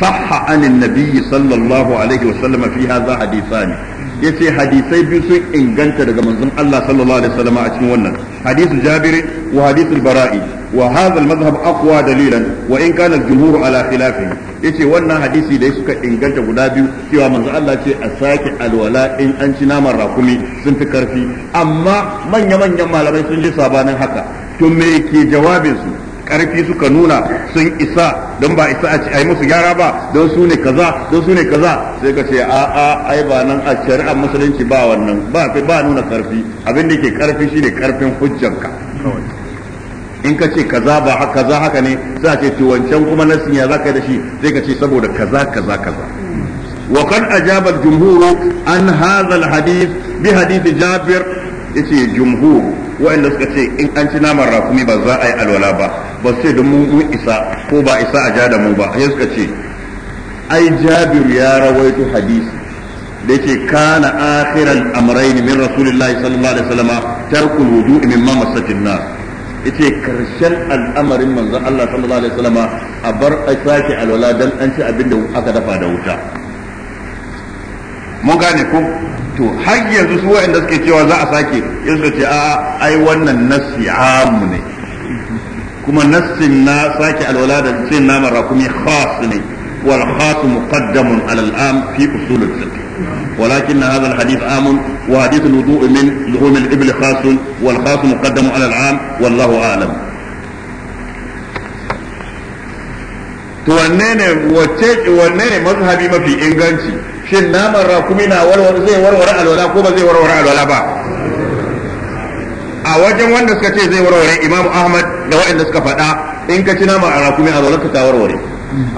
sahha anin nabiyyi sallallahu alaihi wasallam fi hadha hadithani yace hadisai biyu sun inganta daga manzon Allah sallallahu alaihi wasallam a cikin wannan hadisu jabir wa hadisu bara'i wa hadha al dalilan wa in kana al-jumhur ala khilafihi yace wannan hadisi da suka inganta guda biyu cewa manzon Allah ce a sake alwala in an ci naman rakumi sun fi karfi amma manya manyan malamai sun ji sabanin haka to me ke jawabin su karfi suka nuna sun isa don ba isa a ce yi musu gyara ba don su ne kaza don su ne kaza sai ka ce a a ai ba nan a shari'ar musulunci ba wannan ba ba nuna karfi abin da ke karfi shine karfin hujjanka in ka ce kaza ba kaza haka ne sai a ce to wancan kuma nasin ya zaka da shi sai ka ce saboda kaza kaza kaza وقد أجاب الجمهور عن هذا الحديث بحديث جابر yace jumhur wa'anda suka ce in an ci naman rakumi ba za a yi alwala ba ba su ce da mun isa ko ba isa a ja da mu ba sai suka ce ai jabir ya rawaito hadisi da yake kana akhiral amrayn min rasulillahi sallallahu alaihi wasallam tarkul wudu'i mimma masatin nar yace karshen al'amarin manzon Allah sallallahu alaihi wasallam a bar a sake alwala dan an ci abin da aka dafa da wuta mun gane ko to har yanzu su da suke cewa za a sake yanzu ce a ai wannan nassi amu ne kuma nassin na sake alwala da cin naman kuma khas ne wal khas muqaddamun alal am fi usul al-fiqh ولكن هذا الحديث عام وحديث الوضوء من لحوم الإبل خاص والخاص مقدم على العام والله alam. to wanne ne wacce wanne ne mazhabi mafi inganci shin naman rakumi na warware zai warware alwala ko ba zai warware alwala ba a wajen wanda suka ce zai warware imamu ahmad da waɗanda suka faɗa in ka ci naman rakumi alwala ka ta warware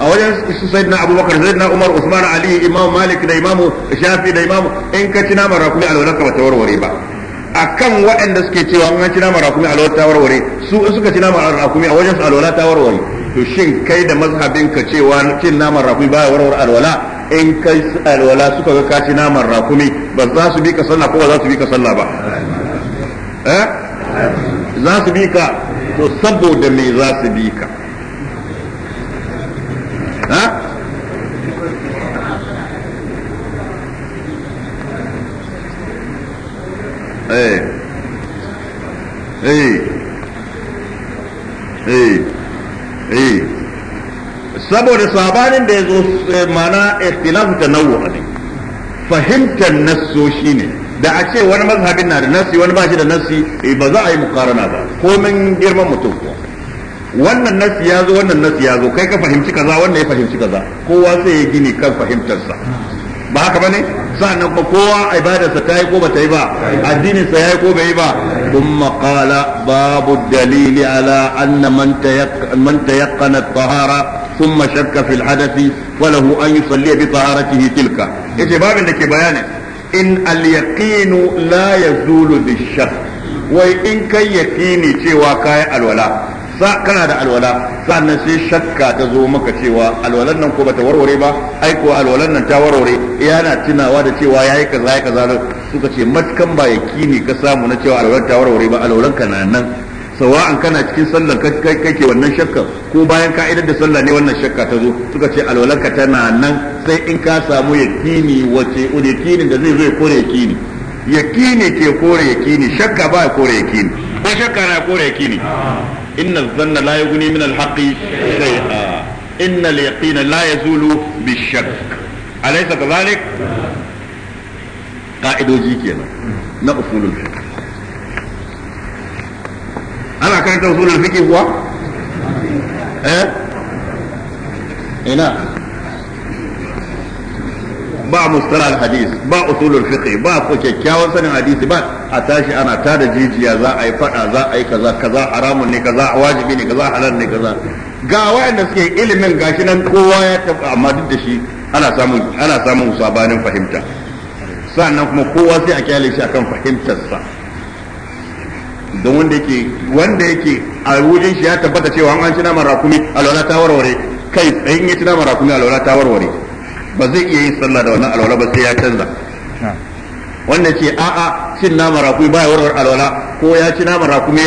a wajen su sai na abubakar sai na umar usman ali imam malik da imam shafi da imam in ka ci naman rakumi alwala ka bata warware ba akan waɗanda suke cewa an ci naman rakumi alwala ta warware su suka ci naman rakumi a wajen su alwala ta warware to shin kai da mazhabin ka cewa cin naman rakumi ya warware alwala in kai alwala suka ga kashi naman rakumi ba za su bi ka sallah ko ba za su bi ka sallah ba eh za su bi ka to saboda me za su bi ka ha eh eh, eh. saboda sabanin da ya zo eh, mana ikhtilafu tanawwu ne fahimtar nassoshi ne da a ce wani mazhabin na da nasi wani ba shi da nasi eh, ba za a yi mukarana ba komin girman mutum kuwa wannan nassi ya zo wannan nassi ya zo kai ka fahimci kaza wannan ya fahimci kaza kowa sai ya gini kan fahimtarsa ba haka ba ne? sa'annan ba kowa ibadarsa ta yi ko ba ta yi ba addinin sa yayi ko bai yi ba ثم قال babu dalili ala أن من تيقن, من تيقن ثم شك في الحدث وله أن يصلي بطهارته تلك يجي باب لك بيانه إن اليقين لا يزول بالشك وإن كان يقيني تيوا الولاء kana da alwala sannan sai shakka ta zo maka cewa alwalan nan ko bata warware ba ai ko alwalan nan ta warware yana tunawa da cewa yayi kaza yayi kaza suka ce matkan ba yakini ka samu na cewa alwalan ta warware ba ka na nan sawa'an kana cikin sallar kake wannan shakka ko bayan ka'idar da sallah ne wannan shakka ta zo suka ce alwalanka tana nan sai in ka samu yakini wace yakini da zai zo ya kore yakini yakini ke kore yakini shakka ba ya kore yakini ko shakka na kore yakini inna zanna la yughni min al-haqqi shay'a inna al-yaqina la yazulu bi-shakk alaysa kadhalik ka'idoji kenan na usulul fiqh ana karanta usulul fiqh kuwa eh ina ba mustara hadis ba usulul fiqh ba ko kyakkyawan sanin hadisi ba a tashi ana tada jijiya za a yi fada za a yi kaza kaza haramun ne kaza wajibi ne kaza halal ne kaza ga wayanda suke ilimin gashi nan kowa ya tafi amma duk da shi ana samun ana samun sabanin fahimta sannan kuma kowa sai a kyale shi akan fahimtarsa don wanda yake wanda yake a wajen shi ya tabbata cewa an ci naman rakumi alwala ta warware kai tsayin ya ci naman rakumi alwala ta warware ba zai iya yin sallah da wannan alwala ba sai ya canza wanda ce a'a cin naman rakumi ba ya warware alwala ko ya ci naman rakumi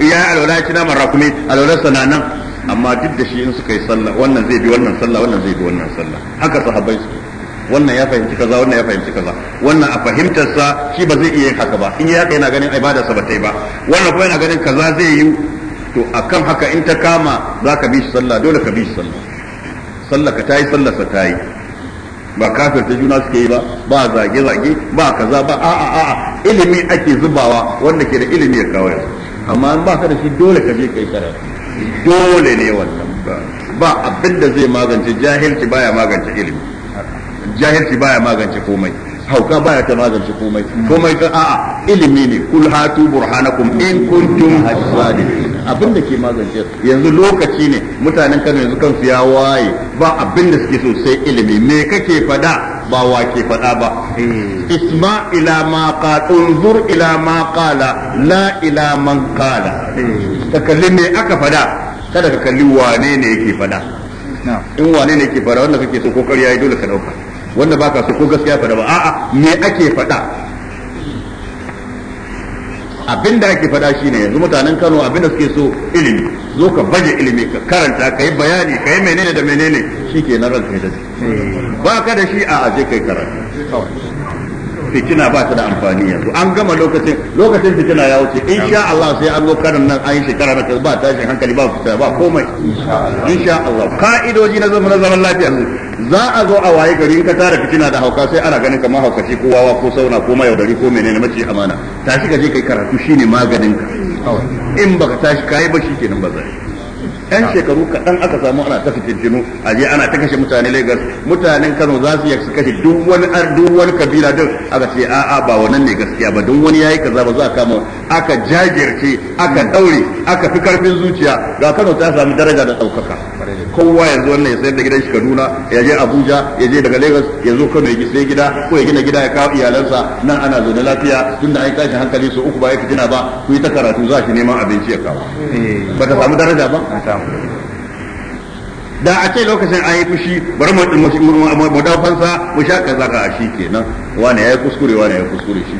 ya alwala ya ci naman rakumi alwala na nan amma duk da shi in suka yi sallah wannan zai bi wannan sallah wannan zai bi wannan sallah haka sahabbai su wannan ya fahimci kaza wannan ya fahimci kaza wannan a fahimtar sa shi ba zai iya yin haka ba in ya yana ganin ibada sa ba ta yi ba wannan kuma yana ganin kaza zai yi to akan haka in ta kama za ka bi shi sallah dole ka bi shi sallah sallah ka tayi sallah sa tayi ba kafir ta juna suke yi ba ba zage zage ba kaza ba a'a a'a ilimi ake zubawa wanda ke da ilimi ya kawo amma in baka da shi dole ka je kai karatu dole ne wannan ba abin da zai magance jahilci baya magance ilimi jahilci baya magance komai hauka baya ta magance komai komai ka a'a ilimi ne kul hatu burhanakum in kuntum sadiqin abin da ke magance yanzu lokaci ne mutanen Kano yanzu kansu ya waye ba abin da suke so sai ilimi me kake fada ba wa ke fada ba eh. isma ila ma qala unzur ila ma qala la ila man qala eh. ka kalli me aka fada kada ka kalli wane ne yake fada in wane ne yake fada wanda kake so ko ƙarya dole ka dauka wanda baka so ko gaskiya faɗa ba a'a me ake faɗa da ake faɗa ne yanzu mutanen Kano abin da suke so ilimi zo ka baje ilimi ka karanta ka yi bayani ka yi menene da menene shi ke shikenan ranka ya dace ba ka da shi a aje kai karanta. fitina ba ta da amfani yanzu an gama lokacin lokacin fitina ya wuce insha Allah sai an zo karin nan an yi shekara na ba tashin hankali ba fitina ba komai insha Allah ka'idoji na zaman zaman lafiya za a zo a waye gari in ka tara fitina da hauka sai ana ganin kamar haukaci ko wawa ko sauna ko mayaudari ko menene mace amana tashi ka je kai karatu shine maganin ka in baka tashi kai ba shikenan ba zai yan shekaru kaɗan aka samu ana ta fitintinu a je ana ta kashe mutane Lagos mutanen Kano za su su kashe duk wani duk wani kabila din aka ce a'a ba wannan ne gaskiya ba don wani ya yi kaza ba za a kama aka jajirce aka ɗaure aka fi karfin zuciya ga Kano ta samu daraja da ɗaukaka kowa zo wannan ya sayar da gidan shi Kaduna ya je Abuja ya je daga Lagos ya zo Kano ya sai gida ko ya gina gida ya kawo iyalansa nan ana zaune lafiya tunda an tashi hankali su uku ba yake fitina ba ku yi ta karatu za shi neman abinci ya kawo eh. ba ta samu daraja ba da a ce lokacin an yi fushi bari mu dau fansa mu sha kaza ka shi kenan wani ya yi kuskure wani ya yi kuskure shi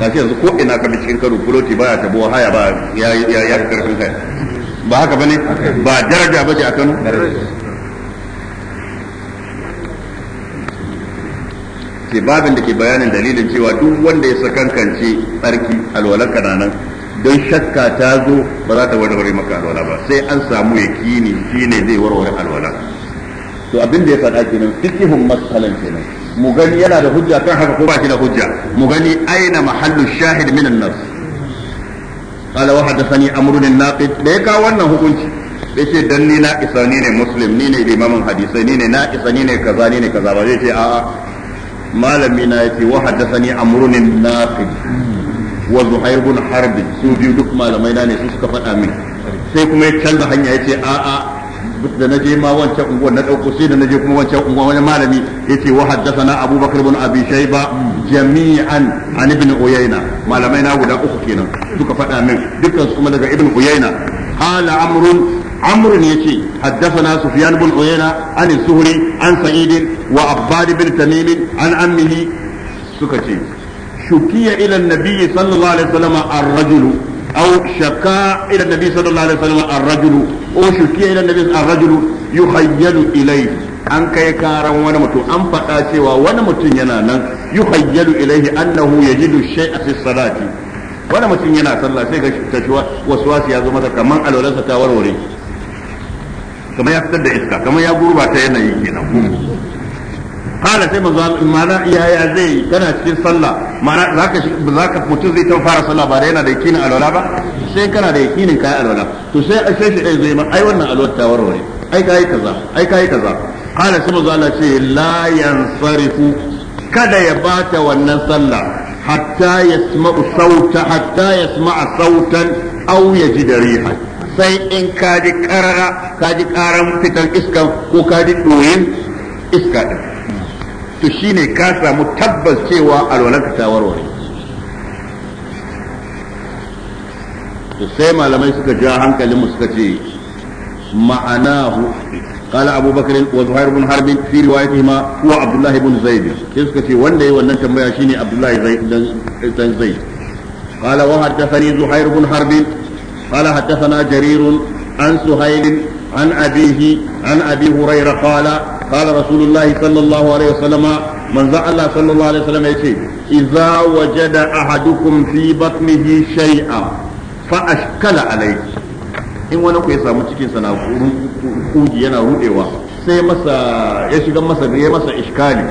ta ga yanzu ko ina ka bi cikin karo buloti baya tabo haya ba ya ya ya karfin kai ba haka bane ba daraja ce a kanu ke babin da ke bayanin dalilin cewa duk wanda ya sakankance tsarki alwalar kananan don shakka ta zo ba za ta warware maka alwala ba sai an samu ya shi ne zai warware alwala to abin da ya faɗa kenan fikihun masalan kenan mu gani yana da hujja kan haka ko ba shi da hujja mu gani aina mahallu shahid minan nas قال وحدثني عمرو الناقد ليكا وانا hukunci yace dan ni na isa ni ne muslim ni ne limamin hadisai ni ne na isa ni ne kaza ni ne kaza ba zai ce a'a malami na yace wa haddathani amrun naqid wa zuhair bin harb su bi duk malamai na ne su suka faɗa min sai kuma ya canza hanya yace a'a da naje ma wancan unguwar na dauko sai da naje kuma wancan unguwar wani malami yace wa haddathana abubakar bin abi shayba jami'an an ibn uyayna malamai na guda uku kenan suka faɗa min dukkan kuma daga ibn uyayna hala ya ce haddasa na sufyan ibn uyayna an suhri an sa'id wa abbad ibn tamim an ammihi suka ce shukiya ila annabi sallallahu alaihi wasallam ar-rajulu أو شكا إلى النبي صلى الله عليه وسلم الرجل أو شكي إلى النبي الرجل يخيل إليه an kai karan wani mutum an faɗa cewa wani mutum yana nan yi hayyalu ilaihi annahu yajidu shay'a fi salati wani mutum yana sallah sai ga tashuwa wasu ya zo masa kaman alwalarsa ta warware kamar ya fitar da iska kamar ya gurba ta yanayi kenan kala sai manzo mana yaya zai kana cikin sallah mana zaka zaka mutum zai ta fara sallah ba da yana da yakinin alwala ba sai kana da yakinin kai alwala to sai sai shi zai ma ai wannan alwala ta warware ai kai kaza ai kai kaza qala sai manzo Allah ce la yansarifu kada ya bata wannan sallah hatta yasma'u sauta hatta yasma'a sautan aw yajida rihan sai in ka ji karara ka ji karan fitar iska ko ka ji doyin iska din to shine ka samu tabbas cewa alwalanka ta warware to sai malamai suka ja hankalin mu suka ce ma'anahu قال أبو بكر وزهير بن حرب في روايتهما هو عبد الله بن زيد كيسكتي وندي ونن تنبيه شيني عبد الله بن زيد قال وحدثني زهير بن حرب قال حدثنا جرير عن سهيل عن أبيه عن أبي هريرة قال قال رسول الله صلى الله عليه وسلم من ذا الله صلى الله عليه وسلم يقول إذا وجد أحدكم في بطنه شيئا فأشكل عليه in wani ku ya samu cikin sa na kuji yana rudewa sai masa ya shiga masa ya masa iskali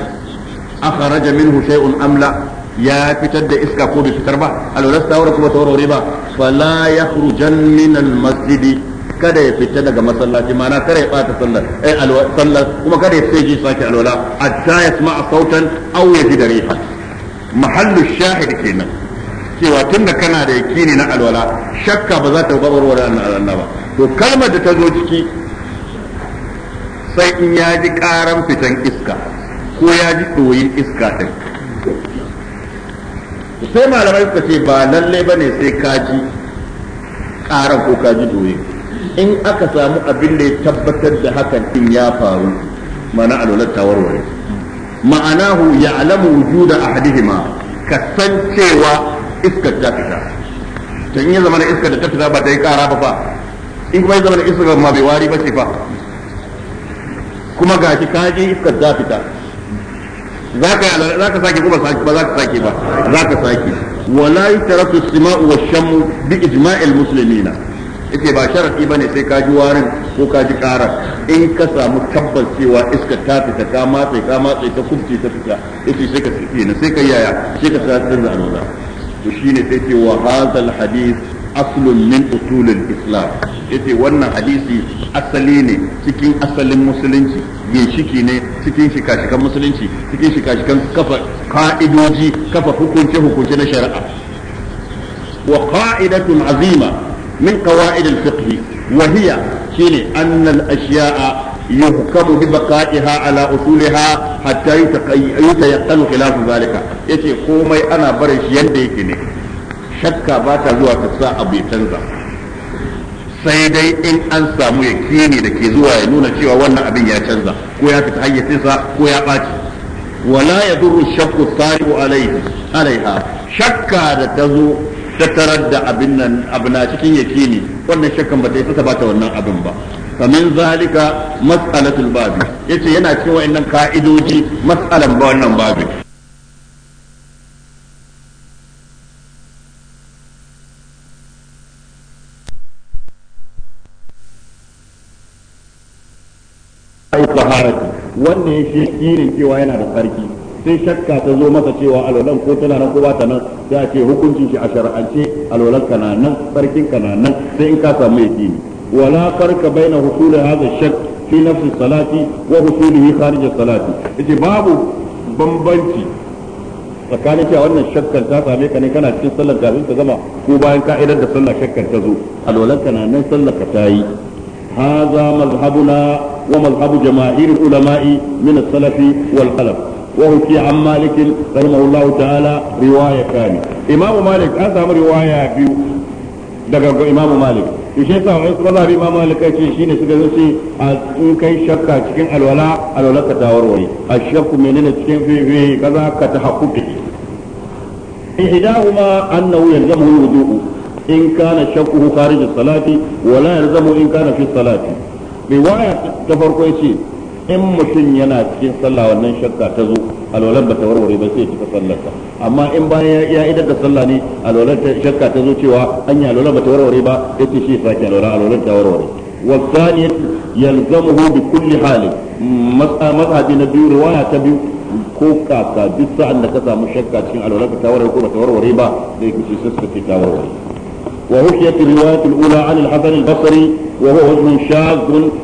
akharaja minhu shay'un amla ya fitar da iska ko bai fitar ba alwalas tawara kuma tawarware ba fala yakhrujan min almasjidi kada ya fita daga masallaci mana kada ya bata sallar eh sallar kuma kada ya sai ji sake alwala hatta yasma'a sautan aw yajida riha mahallu shahid kenan cewa tunda kana da yakini na alwala shakka ba za ta gabarwar Allah ba to kalmar da ta zo ciki sai in ya ji karan fitan iska ko ya ji doyin iska ɗin sai malamai suka ce ba lalle ba ne sai ka ji karan ko ka ji ɗoyin in aka samu abin da ya tabbatar da hakan in ya faru mana alwala ta warware ma'anahu ya alamu wujuda ahadihima ka san cewa iskar ta fita to in ya zama na iskar da ta fita ba ta yi kara ba fa in kuma ya zama na iskar ma bai wari ba ce fa kuma gashi ka ji iskar ta fita za ka za ka sake kuma ba za ka sake ba za ka sake wala as-sima'u wash-shammu bi ijma'il muslimina yace ba sharafi bane sai ka ji warin ko ka ji karar in ka samu tabbas cewa iska ta fita ka matse ka matse ka kubce ta fita sai ka sai ka yaya sai ka sa sirrin alwala to shine sai ce wa hadal min usulil islam yace wannan hadisi asali ne cikin asalin musulunci ginshiki ne cikin shikashikan musulunci cikin shikashikan kafa ka'idoji kafa hukunce hukunce na shari'a wa qa'idatun azima min qawaid al-fiqh wa hiya shine anna al-ashya'a yuhkamu ala usuliha hatta yutayaqqanu khilafu zalika yace komai ana barin shi yanda yake ne shakka ba ta zuwa ta sa abu ya canza sai dai in an samu yakini da ke zuwa ya nuna cewa wannan abin ya canza ko ya fita hayyacinsa ko ya ɓaci wala ya duru shakku sari'u alaihi alaiha shakka da ta zo ta tarar da abin nan abu na cikin yakini wannan shakkan ba ta yi ta ba ta wannan abin ba فمن ذلك yana الباب يتي ينا كيوا إن قائدوجي مسألة بوانا بابي wanne shi kirin cewa yana da tsarki sai shakka ta zo masa cewa alwalan ko tana nan ko ba ta nan sai a ce hukuncin shi a shar'ance alwalan kana nan kananan nan sai in ka samu yakini ولا فرق بين حصول هذا الشك في نفس الصلاة وحصوله خارج الصلاة إذا بابو بمبنتي tsakanin cewa wannan الشك كان تاسع ka ne كان cikin sallar kafin ka هو ko bayan ka idar da كان shakkar ta لك أنا na nan هذا مذهبنا ومذهب جماهير العلماء من السلف والخلف وهو في عن مالك رحمه الله تعالى رواية كاملة إمام مالك هذا رواية بيو دقا إمام مالك to shi yasa wani mazhabi ma malika ce shine suka zo a in kai shakka cikin alwala alwala ka ta wani a shakku menene cikin fifi kaza ka ta hakuki ihdahuma annahu yalzamu alwudu in kana shakkuhu kharij as-salati wala yalzamu in kana fi as-salati waya ta farko yace in mutum yana cikin sallah wannan shakka ta zo alwalar ba ta warware ba sai cika sallarsa amma in bayan ya idar da sallah ne alwalar ta shakka ta zo cewa an yi alwalar ba ta warware ba yace shi sake alwalar alwalar ta warware wa thaniyat yalzamuhu bi kulli hali mazhabi na biyu riwaya ta biyu ko kaka duk sa'an da ka samu shakka cikin alwalar ta warware ko ba ta warware ba zai kici sai ta warware وحكيت الرواية الأولى عن الحسن البصري وهو وزن شاذ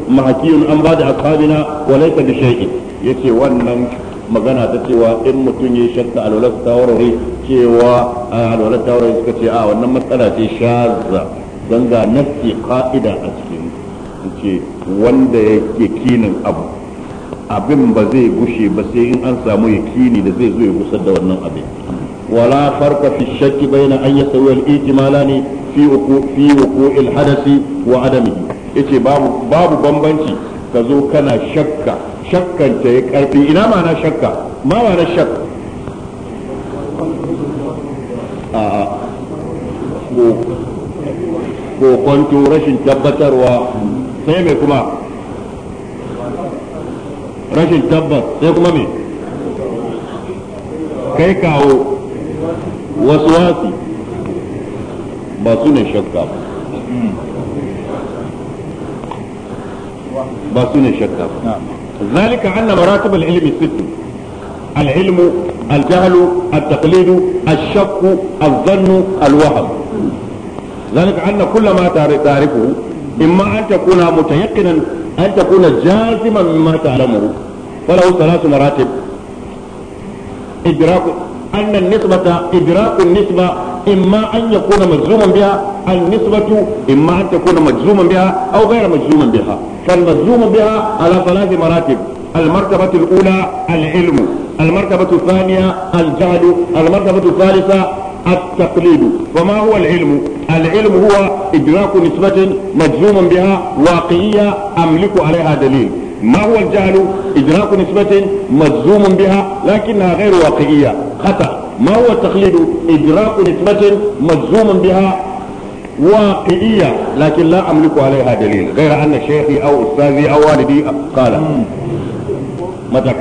محكي عن بعض أصحابنا وليس بشيء يكي ونن magana ta cewa in mutum ya shakka alwalar tawarari cewa alwalar tawarari suka ce a wannan matsala ce shazza don ga nafi ka'ida a cikin ce wanda yake kinin abu abin ba zai gushe ba sai in an samu yakini da zai zo ya gusar da wannan abin wala farka fi shakki bayna an yasawi al-ijmalani fi uku fi uku il hadasi wa adami yace babu babu bambanci ka zo kana shakka shakkan ta ya karfi ina ma shakka ma ma shakka a ko kwanto rashin tabbatarwa sai mai kuma rashin tabbas sai kuma mai kai kawo wasu wasi ba su ne shakka ba ba ذلك أن مراتب العلم ست العلم الجهل التقليد الشك الظن الوهم ذلك أن كل ما تعرفه إما أن تكون متيقنا أن تكون جازما مما تعلمه فله ثلاث مراتب إدراك أن النسبة إدراك النسبة إما أن يكون مجزوما بها النسبة إما أن تكون مجزوما بها أو غير مجزوما بها فالمجزوم بها على ثلاث مراتب المرتبة الأولى العلم المرتبة الثانية الجهل المرتبة الثالثة التقليد وما هو العلم العلم هو إدراك نسبة مجزوم بها واقعية أملك عليها دليل ما هو الجهل إدراك نسبة مجزوم بها لكنها غير واقعية خطأ ما هو التقليد إجراء نسبة مجزوم بها واقعية لكن لا أملك عليها دليل غير أن شيخي أو أستاذي أو والدي قال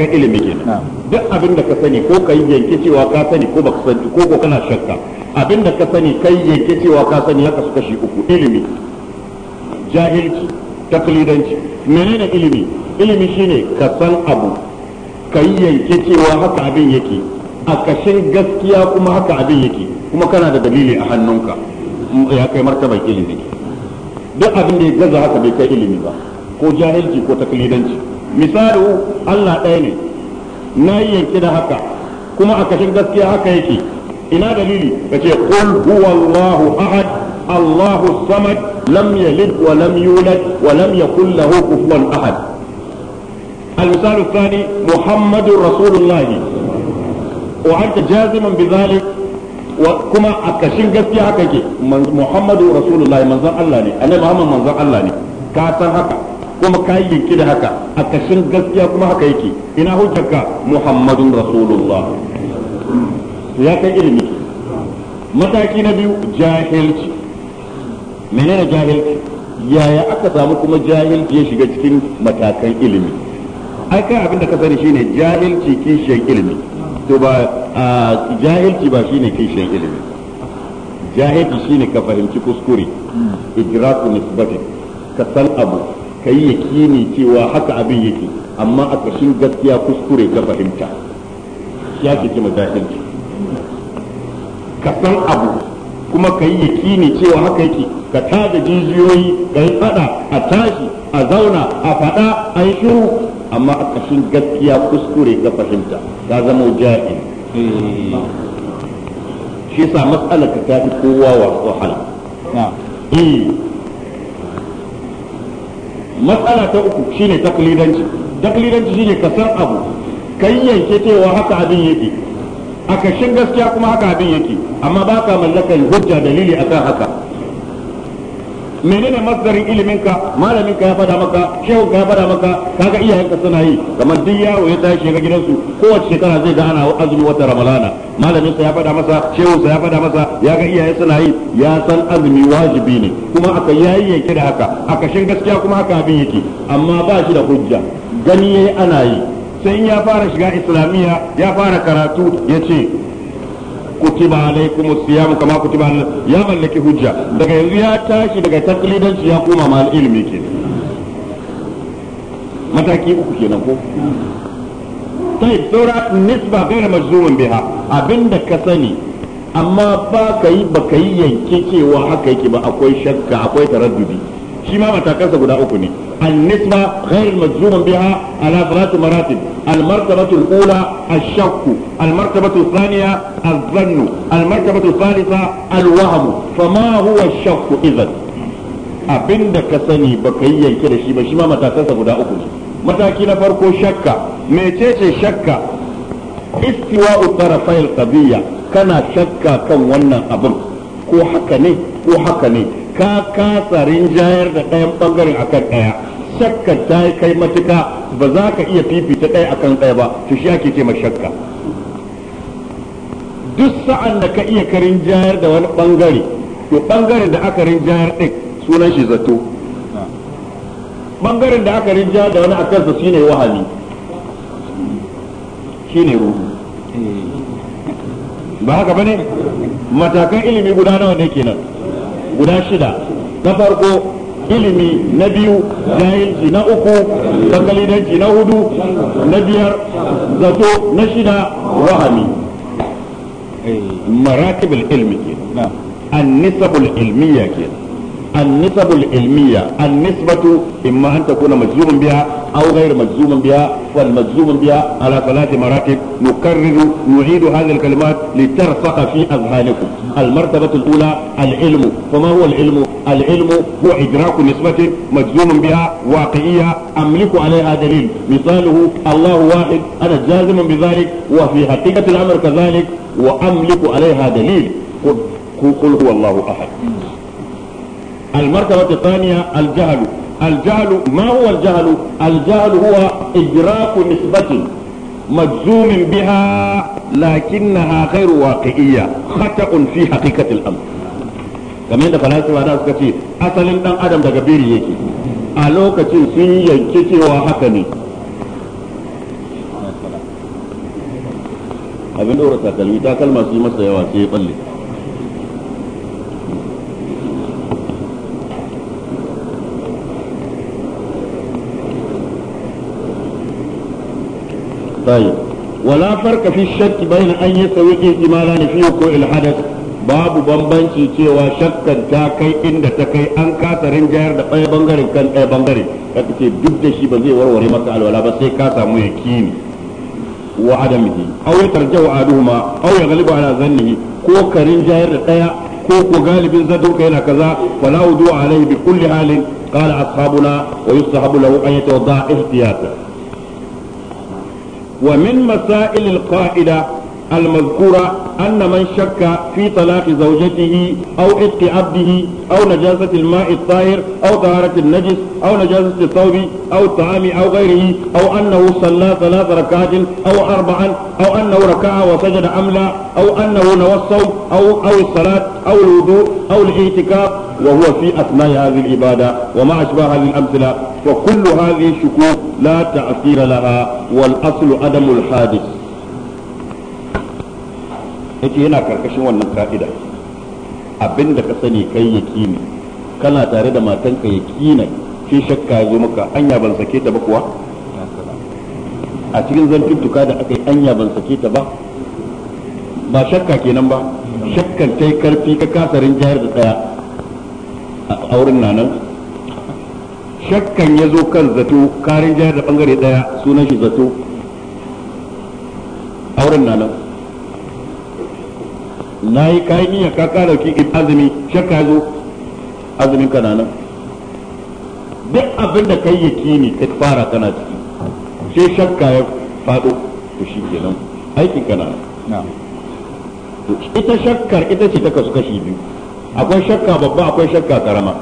ilimi kenan nah. duk abin ka sani ko ka yanke cewa ka sani ko baka sani ko ko kana shakka abin ka sani kai yanke cewa ka sani ya kasu kashi uku ilimi jahilci taklidanci menene ilimi ilimi shine ka san abu ka yanke cewa haka abin yake a kashe gaskiya kuma haka abin yake kuma kana da dalili a hannunka ya kai martabar ilimi duk abin da ya gaza haka bai kai ilimi ba ko jahilci ko taklidanci misali Allah ɗaya ne na yi yanki da haka kuma a kashin gaskiya haka yake ina dalili ka ce qul huwallahu ahad allahu samad lam yalid wa lam yulad wa lam yakul lahu kufuwan ahad a الثاني Sani رسول rasulullahi wa anta jaziman bi zalik wa kuma a kashin gaskiya haka ke muhammadu rasulullahi manzon Allah ne annabi muhammad manzon Allah ne ka san haka kuma ka yi da haka a kashin gaskiya kuma haka yake ina hujjarka muhammadu rasulullah ya kai ilimi mataki na biyu jahilci menene jahilci yaya aka samu kuma jahilci ya shiga cikin matakan ilimi ai kai abin da ka sani shine jahilci kishiyar ilimi to ba a jahilci ba shine kishin ilimi jahilci shine ka fahimci kuskure idraku nisbati ka san abu ka yi yakini cewa haka abin yake amma a ƙarshen gaskiya kuskure ka fahimta ya ke kima jahilci ka san abu kuma ka yi yakini cewa haka yake ka tada jijiyoyi ka yi fada a tashi a zauna a fada a yi shiru amma a ƙashin gaskiya kuskure ga fahimta ta zama ja'i shi sa matsala ka tafi kowa wa wahala e, matsala ta uku shine taklidanci taklidanci shine ka san abu kan yanke cewa haka abin yake a ƙashin gaskiya kuma haka abin yake amma ba ka mallakar hujja dalili akan haka menene masdarin iliminka malaminka ya fada maka shehunka ya fada maka kaga iyayenka suna yi kamar duk yawo ya tashi ga gidansu kowace shekara zai ga ana azumi wata ramalana malamin sa ya fada masa shehunsa ya fada masa ya ga iyaye suna yi ya san azumi wajibi ne kuma aka yayi yake da haka a shin gaskiya kuma haka abin yake amma ba shi da hujja gani yayi ana yi sai ya fara shiga islamiyya ya fara karatu ya ce kutiba alaikum siyam kama kutiba ya mallaki hujja daga yanzu ya tashi daga taklidan shi ya koma ma ilimi ke mataki uku kenan ko tai dora nisba bai da majzumin biha abinda ka sani amma ba kai ba ka yanke cewa haka yake ba akwai shakka akwai taraddudi shi ma matakansa guda uku ne النسبة غير المجزوم بها على ثلاث مراتب المرتبة الأولى الشك المرتبة الثانية الظن المرتبة الثالثة الوهم فما هو الشك إذا abin da ka sani ba ka yi yanke da shi ba shi ma matakansa guda uku ne mataki na farko shakka mecece shakka istiwa'u tarafayil qadiyya kana shakka kan wannan abin ko haka ne ko haka ne ka kasa rinjayar da ɗayan ɓangaren akan ɗaya shakka ta yi kai matuka ba za ka iya fifita ɗaya akan ɗaya ba to shi ake ce shakka duk sa'an da ka iya karin jayar da wani ɓangare to ɓangaren da aka rinjayar ɗin sunan shi zato ɓangaren da aka jayar da wani a kansa shine wahali shine ruhu eh. ba haka ba ne? matakan ilimi guda nawa ne kenan guda shida na farko ilimi na biyu jahilci na uku bakalidanci na hudu na biyar zato na shida wahami maratibul ilmi ke an nisabul ilmiya kenan النسب العلمية النسبة إما أن تكون مجزوما بها أو غير مجزوم بها والمجزوم بها على ثلاث مراتب نكرر نعيد هذه الكلمات لترفق في أذهانكم المرتبة الأولى العلم فما هو العلم؟ العلم هو إدراك نسبة مجزوم بها واقعية أملك عليها دليل مثاله الله واحد أنا جازم بذلك وفي حقيقة الأمر كذلك وأملك عليها دليل قل هو الله أحد المرتبة الثانية الجهل الجهل ما هو الجهل الجهل هو إدراك نسبة مجزوم بها لكنها غير واقعية خطأ في حقيقة الأمر kamar yadda falasifa da suka ce asalin dan adam daga biri yake a lokacin sun yanke cewa haka ne abin da takalmi takalma yi masa yawa sai ya balle والنسائي ولا فرق في الشك بين أن يسوي احتمالان في وقوع الحدث babu bambanci cewa shakkan ta kai inda ta kai an kasa rinjayar da ɗaya bangaren kan ɗaya bangare ka ce duk da shi ba zai warware maka alwala ba sai ka samu yakini wa adamihi aw ya tarjau aduhuma aw ya ghalibu ala zannihi ko ka rinjayar da ɗaya ko ko galibin zadon ka yana kaza fala wudu alaihi bi kulli halin kala ashabuna wa yustahabu lahu an yatawadda ihtiyatan ومن مسائل القائلة المذكورة أن من شك في طلاق زوجته أو إتق عبده أو نجاسة الماء الطاهر أو طهارة النجس أو نجاسة الثوب أو الطعام أو غيره أو أنه صلى ثلاث ركعات أو أربعا أو أنه ركع وسجد أم لا أو أنه نوى الصوم أو أو الصلاة أو الوضوء أو الاعتكاف وهو في أثناء هذه العبادة وما أشبه هذه الأمثلة وكل هذه الشكوك لا تأثير لها والأصل عدم الحادث yake yana karkashin wannan ka'ida abin da ka sani kai yakini kana tare da matanka yakina ke shakka ya zo maka anya ban sake ta ba kuwa a cikin zantuttuka da aka yi anya ban sake ta ba ba shakka kenan ba shakkan ta yi karfi ka kasarin jihar da tsaya a auren nanan shakkan ya zo kan zato karin jihar da bangare daya sunan shi zato auren na nan na yi kayan niyya ka kara ki in azumi shakka ya zo azumin ka na nan duk abin da kai ya kini ka fara kana ciki sai shakka ya faɗo to shi ke nan aikin ka na nan ita shakkar ita ce ta kasu kashi biyu akwai shakka babba akwai shakka karama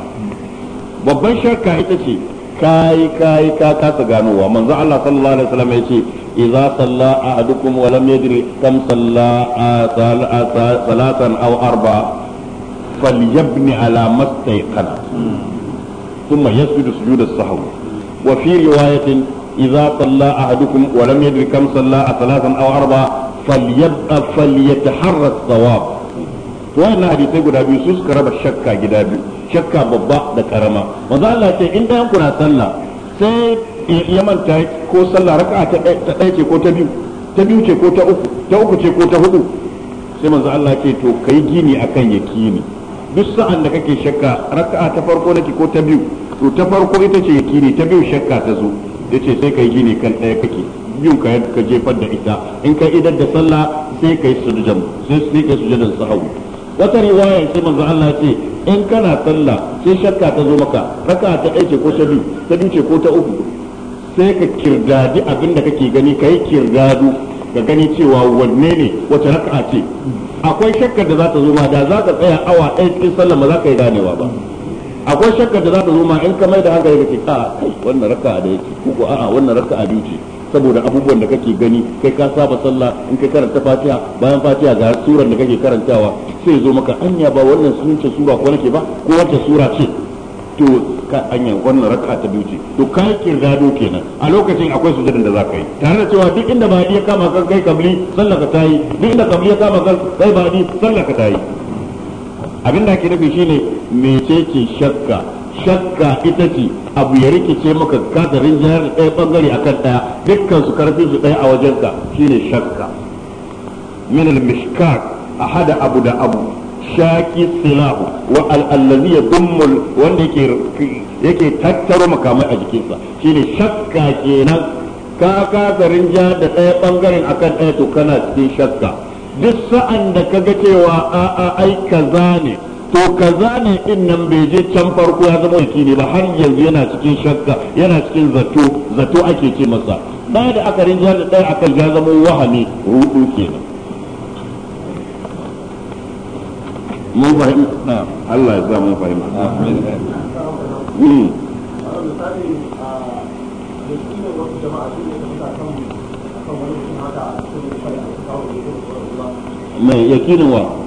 babban shakka ita ce kai kai ka kasa ganowa manzo Allah sallallahu alaihi wasallam ya ce idza salla ahadukum wa lam yadri kam salla salatan aw arba falyabni ala mastayqana thumma yasjudu sujud as-sahw wa fi riwayatin idza salla ahadukum wa lam yadri kam salla salatan aw arba falyabqa falyataharra as-sawab wannan hadisai guda biyu su suka raba shakka gida biyu shakka babba da karama manzo Allah ce in dayan na sallah sai ya manta ko sallah raka'a ta ɗaya ce ko ta biyu ta biyu ce ko ta uku ta uku ce ko ta hudu sai manzo Allah ce to kai gini akan yakini duk sa'an da kake shakka raka'a ta farko nake ko ta biyu to ta farko ita ce yakini ta biyu shakka ta zo yace sai kai gini kan ɗaya kake biyun ka ka jefar da ita in ka idar da sallah sai kai sujudan sai kai sujudan sahawi wata riwaya sai manzo Allah ce in kana sallah sai shakka ta zo maka raka ta ɗaya ce ko ta biyu ta biyu ce ko ta uku sai ka kirgadi abin da kake gani kai kirgadu ka gani cewa wanne ne wace raka'a ce akwai shakka da za ta zo ma da za ka tsaya awa ɗaya cikin sallah ba za ka yi ganewa ba akwai shakka da za ta zo ma in ka mai da hankali kake a kai wannan raka'a da yake ko a'a wannan raka'a biyu ce saboda abubuwan da kake gani kai ka saba sallah in kai karanta fatiha bayan fatiha ga surar da kake karantawa sai zo maka anya ba wannan sunce sura ko nake ba ko wata sura ce to ka anya wannan raka ta biyu ce to ka kirga do kenan a lokacin akwai sujudan da zaka yi tare da cewa duk inda ba ya kama kan kai kabli sallah ka tayi duk inda kabli ya kama kan kai ba ni sallah ka tayi abin da ake nufi shine mecece shakka shakka ita ce abu ya rikice maka kadarin jihar ɗaya bangare kan ɗaya dukkan su karfi su ɗaya a wajenka shine shakka min al-mishkak hada abu da abu shaki silahu wa allazi ya dummul wanda yake tattaro makamai a jikinsa shine shakka kenan ka kasarin jihar da ɗaya ɓangaren kan ɗaya to kana cikin shakka duk sa'an da ka ga cewa a'a ai kaza ne to kaza ne din nan bai je can farko ya zama yaki ne ba har yanzu yana cikin shakka yana cikin zato zato ake ce masa ɗaya da aka rinjar da ɗaya aka ya zama wahami rudu kenan mun fahimta Allah ya sa mun fahimta hmm. mai yakinin wa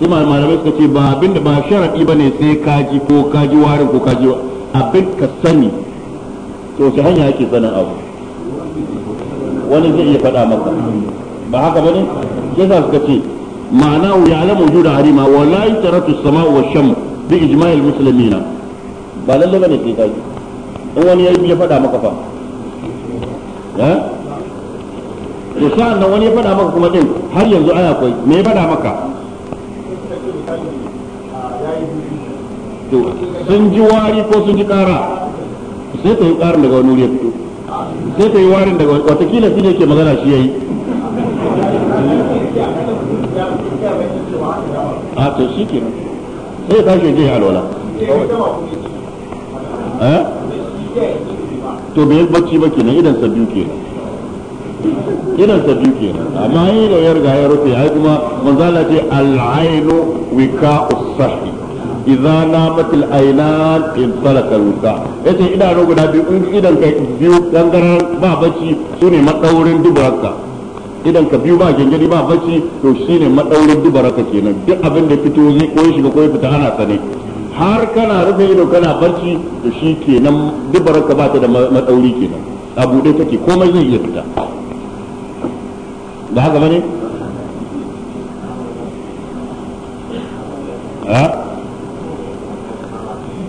sai malamai suka ce ba abin da ba ba ne sai kaji ko kaji warin ko kaji abin ka sani to shi hanya yake sanin abu wani zai iya faɗa maka ba haka bane yasa suka ce ma'ana ya alamu da harima wa layi taratu sama wa sham bi ijma'il muslimina ba lalle ne sai kaji in wani ya iya faɗa maka fa eh to sa'an nan wani ya faɗa maka kuma ɗin har yanzu ana kwai me ya faɗa maka to sun ji wari ko sun ji kara sai ta yi karin daga wani wuri sai ta yi warin daga wani watakila shi ne ke magana shi ya yi a to shi ke sai ya tashi je alwala eh? to bai bacci ba kenan idan sa biyu kenan idan sa biyu kenan amma yi da ya riga ya rufe haikuma kuma manzala ce al'ainu wika usahi idza namatil aynan intalaqa al-wuqa yace idanu guda biyu in idan kai biyu gangaran ba bacci shine madaurin dubaraka idan ka biyu ba gengedi ba bacci to shine madaurin dubaraka kenan duk abin da fito zai ko shiga ko fita ana sane har kana rufe ido kana barci to shi kenan dubaraka ba ta da madauri kenan a buɗe take komai zai iya fita da haka bane ha ah?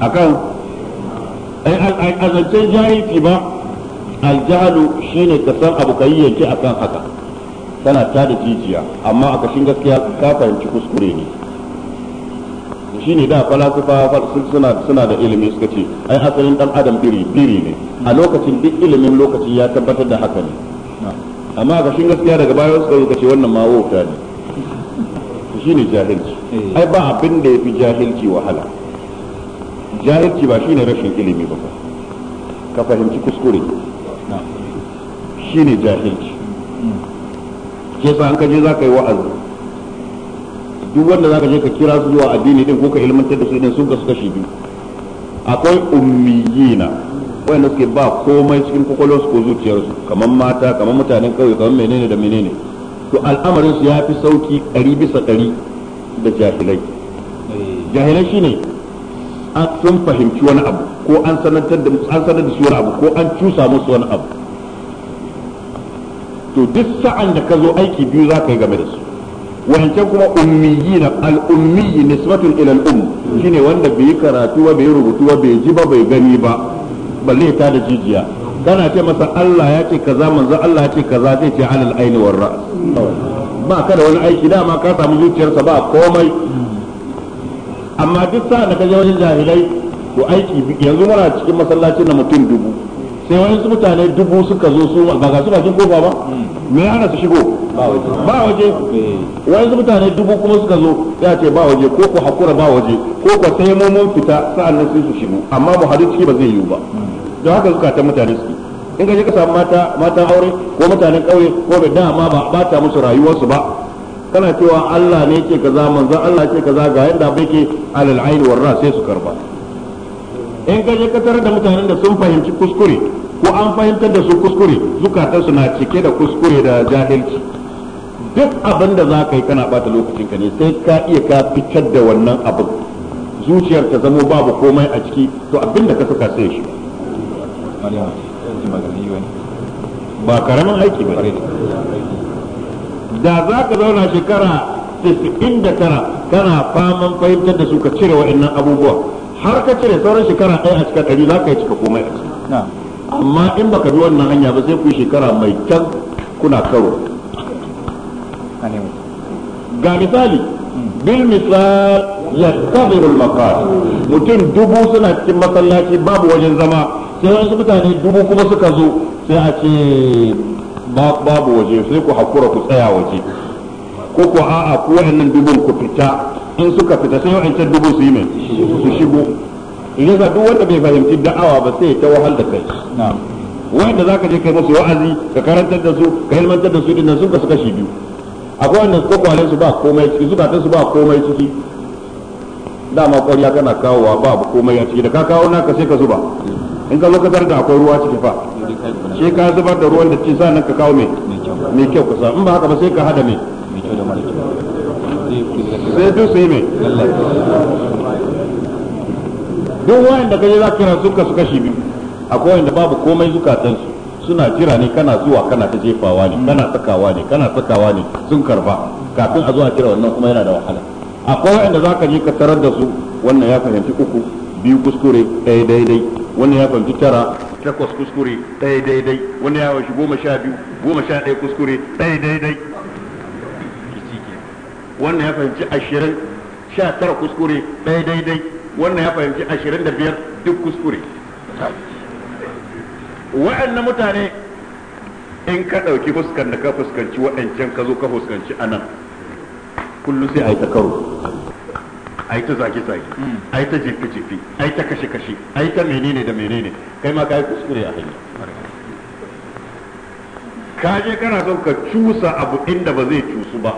akan azancen jahilci ba aljahalu shine ka san abu kai yanke akan haka kana ta da jijiya amma a kashin gaskiya ka fahimci kuskure ne shine da falasifa suna suna da ilimi suka ce ai asalin dan adam biri biri ne a lokacin duk ilimin lokaci ya tabbatar da haka ne amma a kashin gaskiya daga baya suka yi kace wannan ma wauta ne shine jahilci eh. ai ba abin da yafi jahilci wahala jahilci ba shine rashin ilimi ba ka fahimci kuskure shine jahilci ke sa an kaje za ka yi wa'azi duk wanda za ka je ka kira su zuwa addini din ko ka ilmantar da su idan sun kasu kashi biyu akwai ummiyina wanda suke ba komai cikin kwakwalwarsu ko zuciyarsu kamar mata kamar mutanen kauye kamar menene da menene to al'amarin su ya fi sauki ɗari bisa ɗari da jahilai eh. jahilai shine sun fahimci wani abu ko an sanar da wani abu ko an cusa musu wani abu to duk sa'an da ka zo aiki biyu za ka yi game da su wancan kuma ummiyi na al'ummiyi nisbatun ilal um shine wanda bai yi karatu ba bai yi rubutu ba bai ji ba bai gani ba balle ta da jijiya kana ce masa Allah ya ce kaza manzo Allah ya ce kaza zai ce alal aini war ra ba ka da wani aiki dama ka samu zuciyarsa ba komai amma duk sa da kaje wajen jahilai to aiki yanzu muna cikin masallacin na mutum dubu sai wani su mutane dubu suka zo su ba ga su bakin kofa ba me hana su shigo ba waje wani su mutane dubu kuma suka zo ya ce ba waje ko ku hakura ba waje ko ku sai mu mun fita sa'an nan sai su shigo amma mu hadu ciki ba zai yiwu ba don haka suka ta mutane su in ka je ka samu mata mata aure ko mutanen kauye ko bai dama ba ba ta musu rayuwarsu ba kana cewa Allah ne ke kaza manzo Allah ce kaza ga yadda abai ke alal war warra sai su karba in ka je ka tarar da mutanen da sun fahimci kuskure ko an fahimtar da su kuskure su na cike da kuskure da jahilci duk abin da za ka yi kana bata lokacin ka ne sai ka iya ka fitar da wannan abin zuciyar ta zama babu komai a ciki to abin da ka saka sai shi ba karamin aiki ba da za ka zauna shekara 69 kana faman fahimtar da su ka cire wa'annan abubuwa har ka cire sauran shekara ɗaya a cikin ɗari za ka yi cika komai a amma in baka bi wannan hanya ba sai ku shekara mai can kuna karo ga misali bil misal yattabiru al mutum dubu suna cikin masallaci babu wajen zama sai wasu mutane dubu kuma suka zo sai a ce babu waje sai ku hakura ku tsaya waje ko ko a'a ku wa'annan dubun ku fita in suka fita sai wa'ancan dubu su yi mai su shigo idan za duk wanda bai fahimci da'awa ba sai ta wahal da kai wanda zaka je kai musu wa'azi ka karantar da su ka ilmantar da su din sun kasu kashi biyu akwai wanda ko kwalen su ba komai ciki ta su ba komai ciki dama kwariya kana kawowa ba komai a ciki da ka kawo naka sai ka zuba in ka zo ka tarda akwai ruwa ciki fa shi ka zubar da ruwan da ci sa nan ka kawo mai mai kyau kusa in ba haka ba sai ka hada mai sai duk sai mai duk wayanda kaje za kira sun su kashi biyu akwai wanda babu komai su suna jira ne kana zuwa kana ta jefawa ne kana sakawa ne kana sakawa ne sun karba kafin a zuwa kira wannan kuma yana da wahala akwai wanda za ka je ka tarar da su wannan ya fahimci uku biyu kuskure ɗaya daidai wannan ya fahimci tara takwas kuskure ɗaya daidai wannan ya fahimci goma sha biyu goma sha ɗaya kuskure ɗaya daidai wannan ya fahimci ashirin sha tara kuskure ɗaya daidai wannan ya fahimci ashirin da biyar duk kuskure wa'annan mutane in ka ɗauki fuskan da ka fuskanci wa'ancan ka zo ka fuskanci anan kullum sai a yi ta karo ai ta zage zage hmm. ai ta jefe jefe ai ta kashe kashe ai ta menene da menene kai ma kai kuskure a hanya ka je kana son ka cusa abu inda ba zai cusu ba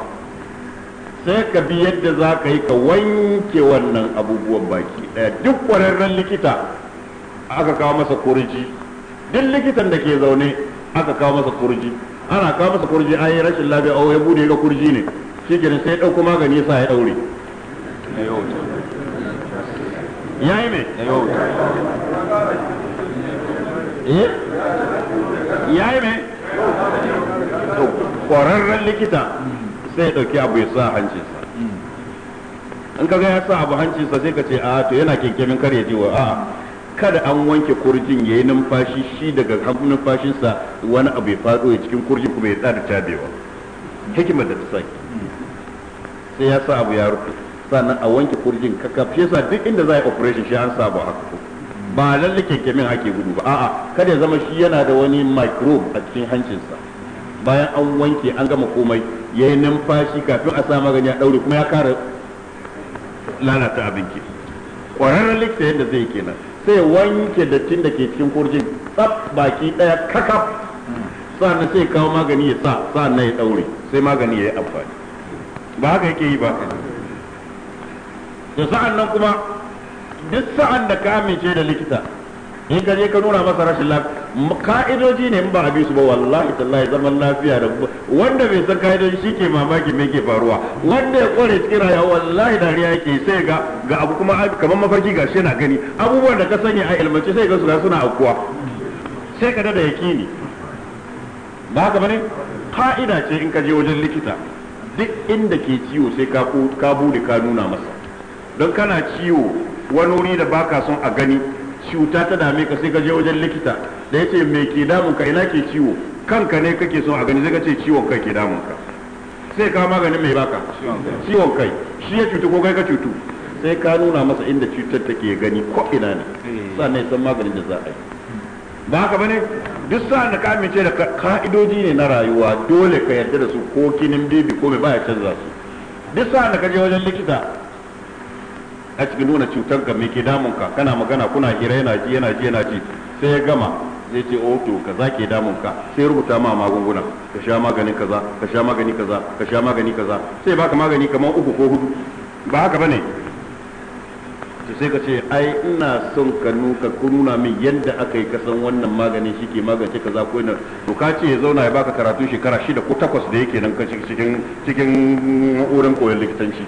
sai ka bi yadda za ka yi ka wanke wannan abubuwan baki daya duk kwararren likita aka kawo masa kurji duk likitan da ke zaune aka kawo masa kurji ana kawo masa kurji ai rashin lafiya oh, ya bude ga kurji ne shi sai ya dauko magani sa ya daure ya yi mai eh? ya yi mai ƙwararren likita sai ya ɗauki abu ya sa hancinsa in kaga ya sa abu hancinsa sai ka ce a to yana kinkimin kar ya ji wa a kada an wanke kurjin ya yi numfashi shi daga numfashinsa wani abu ya faɗo ya cikin kurjin kuma ya tsada cabewa hikimar da ta sake sai ya sa abu ya rufe sannan a wanke kurjin kakaf shi yasa duk inda za a yi operation shi an saba haka ba lalle kyankyamin ake gudu ba a'a kada ya zama shi yana da wani microbe a cikin hancinsa bayan an wanke an gama komai ya yi numfashi kafin a sa magani a ɗaure kuma ya kara lalata abinci ƙwararren likita yadda zai kenan sai wanke dattin da ke cikin kurjin tsaf baki ɗaya kakaf sannan sai kawo magani ya sa sannan ya ɗaure sai magani ya yi amfani ba haka yake yi ba da sa'an nan kuma duk sa'an da ka amince da likita in ka je ka nuna masa rashin lafiya ka'idoji ne in ba a bi su ba wallahi tallahi zaman lafiya da wanda bai san ka'idoji shi ke mamaki me ke faruwa wanda ya kware cikin rayuwa wallahi dariya yake sai ga ga abu kuma kamar mafarki ga shi yana gani abubuwan da ka sani a ilmace sai ga su ga suna akuwa sai ka da yakini ba ka bane ka'ida ce in ka je wajen likita duk inda ke ciwo sai ka bude ka nuna masa don kana ciwo wani wuri da baka son a gani cuta ta dame ka sai ka je wajen likita da ya ce me ke damun ka ina ke ciwo kanka ne kake son a gani sai ka ce ciwon kai ke damun ka sai ka maganin mai baka ciwon kai shi ya cutu ko kai ka cutu sai ka nuna masa inda cutar take gani ko ina ne eh. sannan ya san maganin da za a yi ba haka bane duk sa'an da ka amince da ka'idoji ne na rayuwa dole ka yarda da su ko kinin bibi ko mai baya canza su duk sa'an da ka je wajen likita a cikin nuna cutar ga me ke damun ka kana magana kuna hira yana ji yana ji yana ji sai ya gama zai ce o oh, to za ke damun ka sai rubuta ma magunguna ka sha maganin kaza ka sha magani kaza ka sha magani kaza sai baka magani kamar uku ko hudu ba haka bane to sai ka ce ai ina son ka nuka ku nuna min yadda aka yi kasan wannan magani shi ke magance kaza ko ina to ka ce ya zauna ya baka karatu shekara shida ko takwas da yake nan cikin cikin wurin koyon likitanci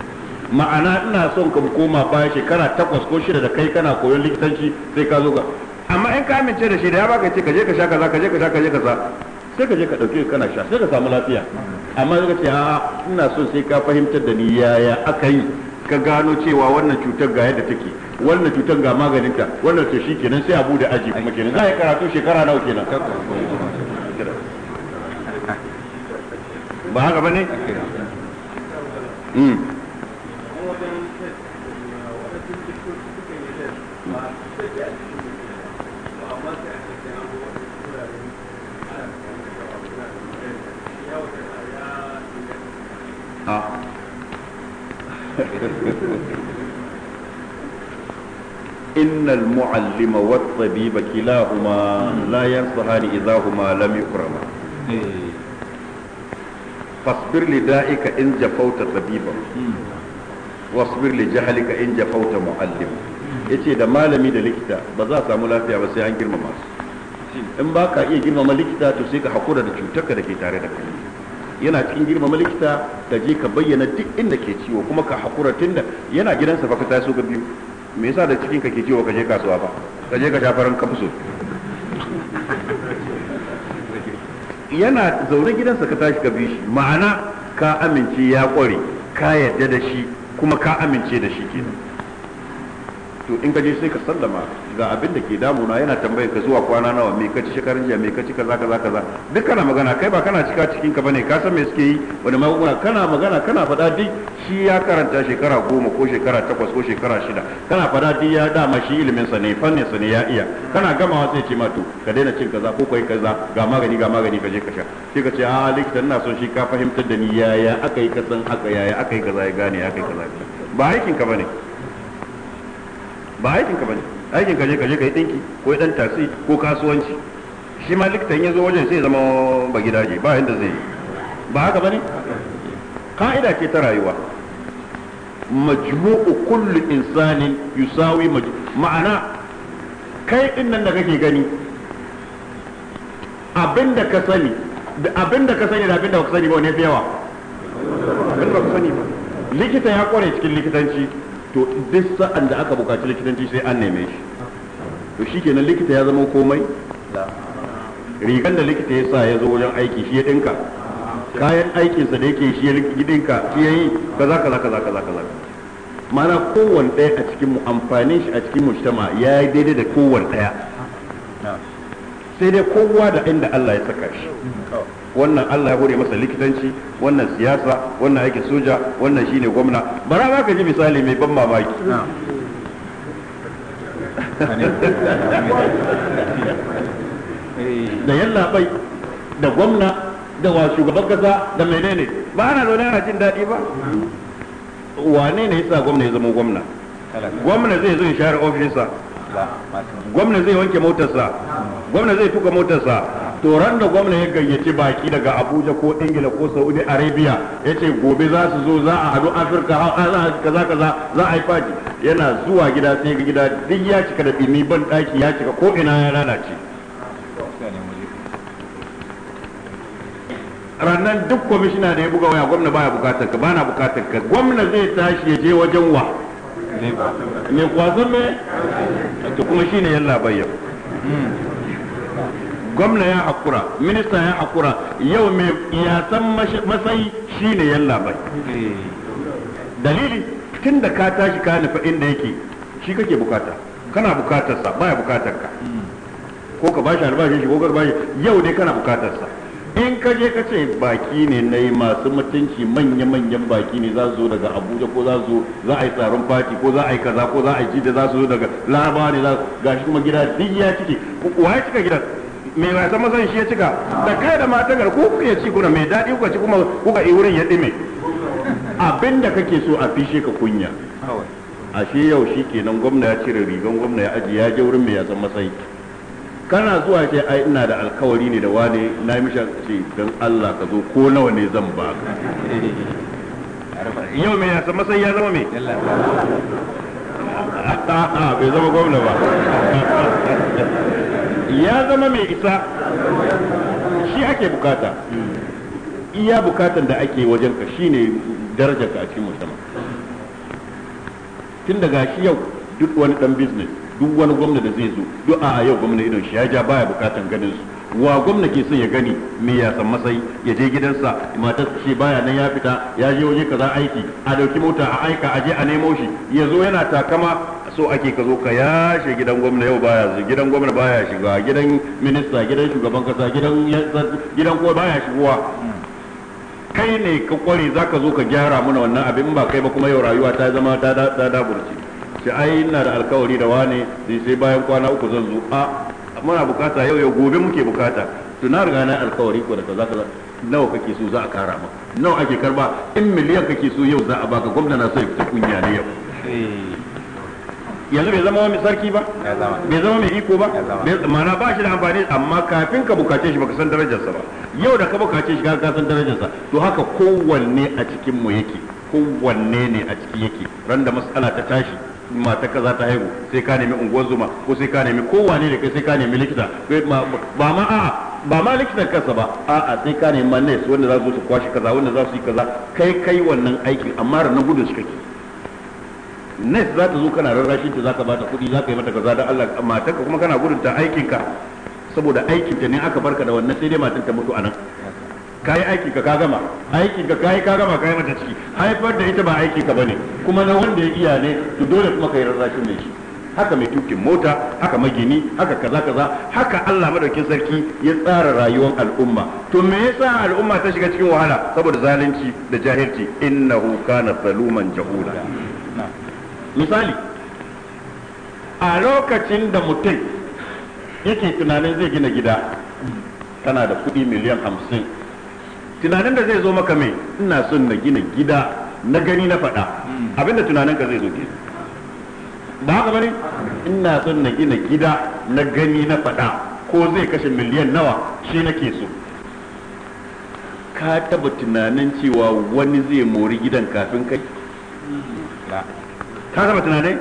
ma'ana ina son ka koma baya shekara takwas ko shida da kai kana koyon likitanci sai ka zo ga amma in ka amince da shi da ya baka ce ka je ka sha kaza ka je ka sha ka je ka sa sai ka je ka dauke kana sha sai ka samu lafiya amma zaka ce a'a ina son sai ka fahimtar da ni yaya aka yi ka gano cewa wannan cutar ga yadda take wannan cutar ga maganinta wannan to shikenan sai abu da aji kuma kenan za a yi karatu shekara nawa kenan ba haka bane? Hmm. إن المعلم والطبيب كلاهما لا ينصحان إذا هما لم يكرما فاصبر لدائك إن جفوت طبيبا واصبر لجهلك إن جفوت yace da malami da likita ba za a samu lafiya ba sai an girmama su in ba ka iya girmama likita to sai ka hakura da cutarka da ke tare da kai yana cikin girmama likita ka je ka bayyana duk inda ke ciwo kuma ka hakura tunda yana gidansa fa ka taso ga biyu me yasa da cikin ka ke ciwo ka je kasuwa ba ka je ka sha farin kafso yana zaune gidansa ka tashi ka bi shi ma'ana ka amince ya kware ka yarda da shi kuma ka amince da shi kenan to in ka je sai ka sallama ga abin da ke damuna yana tambayar ka zuwa kwana nawa me ka ci shekarun jiya me ka ci kaza kaza kaza duk kana magana kai ba kana cika cikin ka bane ka san me suke yi wani magunguna kana magana kana faɗa duk shi ya karanta shekara goma ko shekara takwas ko shekara shida kana faɗa duk ya dama shi ilimin sa ne fannin sa ne ya iya kana gamawa sai ce ma to ka daina cin kaza ko kai kaza ga magani ga magani ka je ka sha sai ka ce a likita ina son shi ka fahimtar da ni yaya aka yi san haka yaya aka yi kaza ya gane aka yi kaza ba aikin ka bane ba aikin ka bane aikin ka je ka je ka yi dinki ko dan tasi ko kasuwanci shi ma likitan ya zo wajen sai zama ba gidaje ba inda zai yi ba haka bane ka'ida ce ta rayuwa majmu'u kullu insanin yusawi ma'ana kai din nan da kake gani abinda ka sani da abinda ka sani da abinda ka sani ba ne fi yawa abinda ka sani ba likita ya kware cikin likitanci to duk sa'an da aka bukaci likitanci sai an neme shi to shi kenan likita ya zama komai Rigar da likita ya sa ya zo wajen aiki shi ya dinka kayan aikinsa da yake shi ya dinka shi ya yi kaza kaza kaza kaza kaza mana kowane ɗaya a cikin mu amfanin shi a cikin mujtama ya yi daidai da kowane ɗaya sai dai kowa da inda Allah ya saka shi wannan Allah ya gode masa likitanci wannan siyasa wannan aikin soja wannan shine gwamna bara za ka ji misali mai ban mamaki da yallaɓai da gwamna da wa shugaban kasa da menene ba ana zaune ana jin daɗi ba wane ne yasa gwamna ya zama gwamna gwamna zai zo ya share ofishinsa gwamna zai wanke motarsa gwamna zai tuka motarsa to ran da gwamna ya gayyaci baki daga abuja ko ingila ko saudi arabia ya ce gobe za su zo za a hadu afirka kaza kaza za a yi faji yana zuwa gida sai ga gida duk ya cika da ɗimi ban ɗaki ya cika ko ina ya lalace rannan duk kwamishina da ya buga waya gwamna baya bukatar ka bana bukatar ka gwamna zai tashi ya je wajen wa mai kwazon mai to kuma shine yalla bayyana hmm. gwamna ya hakura minista ya hakura yau mai yasan matsayi shine yalla bai eh. dalili tun da ka tashi ka nufa inda yake shi kake bukata kana bukatarsa baya bukatarka hmm. ko ka bashi albashin shi ko ka bashi yau ne kana bukatarsa in ka je ka ce baki ne na yi masu mutunci manya-manyan baki ne za su zo daga abuja ko za su za a yi tsaron fati ko za a yi kaza ko za a yi jida za su zo daga labarai ne za su gashi kuma gida duk ya cike wa ya cika gida mai wasan mazan shi ya cika da kai da matan ko ku ya ci kuna mai daɗi kuka ci kuma kuka yi wurin ya ɗime abin da kake so a fishe ka kunya ashe yau shi kenan gwamna ya cire rigan gwamna ya ajiye ya je wurin mai yasan masai kana zuwa ce ai ina da alkawari ne da wane na mishi ce don Allah ka zo ko nawa ne zan ba ka yau me yasa masai ya zama mai. bai zama gwamna ba ya zama mai isa shi ake bukata iya bukatan da ake wajen ka shine darajar ka a cikin musamman tun daga shi yau duk wani dan business duk wani gwamna da zai zo duk a yau gwamna idon shi ya ja baya bukatan ganin su wa gwamna ke son ya gani me ya san masai ya je gidansa matar shi baya nan ya fita ya je waje kaza aiki a dauki mota a aika a je a nemo shi ya zo yana takama so ake ka zo ka yashe gidan gwamna yau baya zo gidan gwamna baya shiga gidan minista gidan shugaban kasa gidan gidan kowa baya shigowa kai ne ka kware zaka zo ka gyara mana wannan abin ba kai ba kuma yau rayuwa ta zama ta burci a ai ina da alkawari da wane sai bayan kwana uku zan zo a muna bukata yau yau gobe muke bukata to na riga na alkawari ko da kaza kaza nawa kake so za a kara maka nawa ake karba in miliyan kake so yau za a baka gwamna na so ya fita kunya ne yau yanzu bai zama wani sarki ba bai zama mai iko ba mana ba shi da amfani amma kafin ka bukace shi baka san darajarsa ba yau da ka bukace shi ka san darajarsa to haka kowanne a cikin mu yake kowanne ne a ciki yake ran da mas'ala ta tashi mata kaza ta haihu sai ka nemi unguwar zuma ko sai ka nemi kowane ne kai sai ka nemi likita ba ma a'a ba ma likitan kansa ba a'a sai ka nemi manes wanda za su kwashe kaza wanda za su yi kaza kai kai wannan aikin amma ranar gudun shi kake nes za ta zo kana rarrashin ta za ka bata kuɗi ka yi mata kaza da Allah matarka kuma kana gudun ta aikin ka saboda aikin ta ne aka barka da wannan sai dai matan ta mutu anan kayi aiki ka gama aiki ka kayi ka gama kayi mata ciki haifar da ita ba aiki ka bane kuma na wanda ya iya ne to dole kuma kai rarrashin ne shi haka mai tukin mota haka magini haka kaza kaza haka Allah madaukin sarki ya tsara rayuwar al'umma to me yasa al'umma ta shiga cikin wahala saboda zalunci da jahilci innahu kana zaluman jahula misali a lokacin da mutum yake tunanin zai gina gida tana da kuɗi miliyan hamsin tunanin da zai zo maka mai ina son na gina gida na gani na faɗa hmm. abinda tunanin ka zai zo ke ba haka bane ina son na gina gida na gani na faɗa ko zai kashe miliyan nawa shi nake so ka taba tunanin cewa wani zai mori gidan kafin kai ka taba tunanin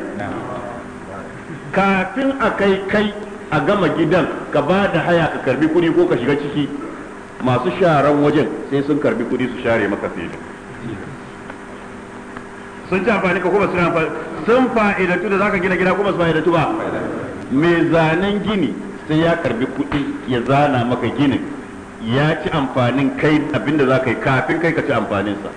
kafin a kai kai a gama gidan ka ba da haya ka karbi kuɗi ko ka shiga ciki masu sharan wajen sai sun karbi kudi su share maka filin sun ci amfani ka kuma suna amfani sun fa'idatu da zaka gina gida kuma su fa'idatu ba mai zanen gini sai ya karbi kudi ya zana maka ginin ya ci amfanin kai abinda za ka yi kafin kai ka ci amfaninsa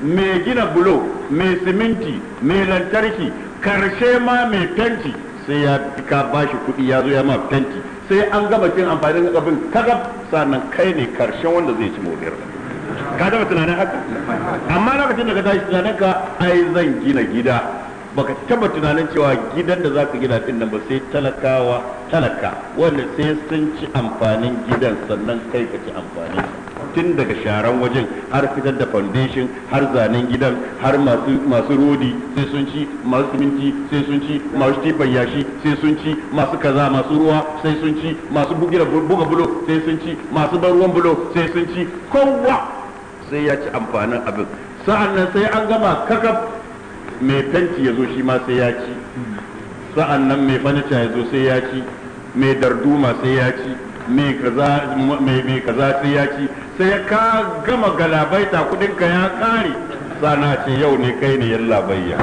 mai gina bulo mai siminti mai lantarki karshe ma mai fenti sai ya ka bashi kudi ya zo ya ma fenti sai an gama cin amfanin abin kaga sannan kai ne karshen wanda zai ci mobiyar ka taba tunanin haka amma lokacin da ka tashi tunanin ka ai zan gina gida baka taba tunanin cewa gidan da zaka gina din nan ba sai talakawa talaka wanda sai sun ci amfanin gidan sannan kai ka ci amfanin tun daga sharan wajen har fitar da foundation har zanen gidan har masu rodi sai sun ci masu siminti sai sun ci masu tifan yashi sai sun ci masu kaza masu ruwa sai sun ci masu bugira buga bulo sai sun ci masu ban ruwan bulo sai sun ci kowa sai ya ci amfanin abin sa'an nan sai an gama kakaf mai fenti ya zo shi ma sai ya ci sa'an nan mai fanita ya zo sai ya ci mai darduma sai ya ci mai kaza sai ya ci sai ka gama galabaita kudinka ya kare sana ce yau ne kai ne yin labayya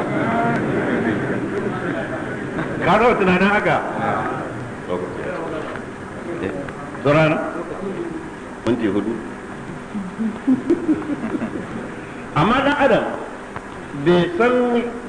ka zama tunanin haka tsorana wanti hudu amma dan adam bai san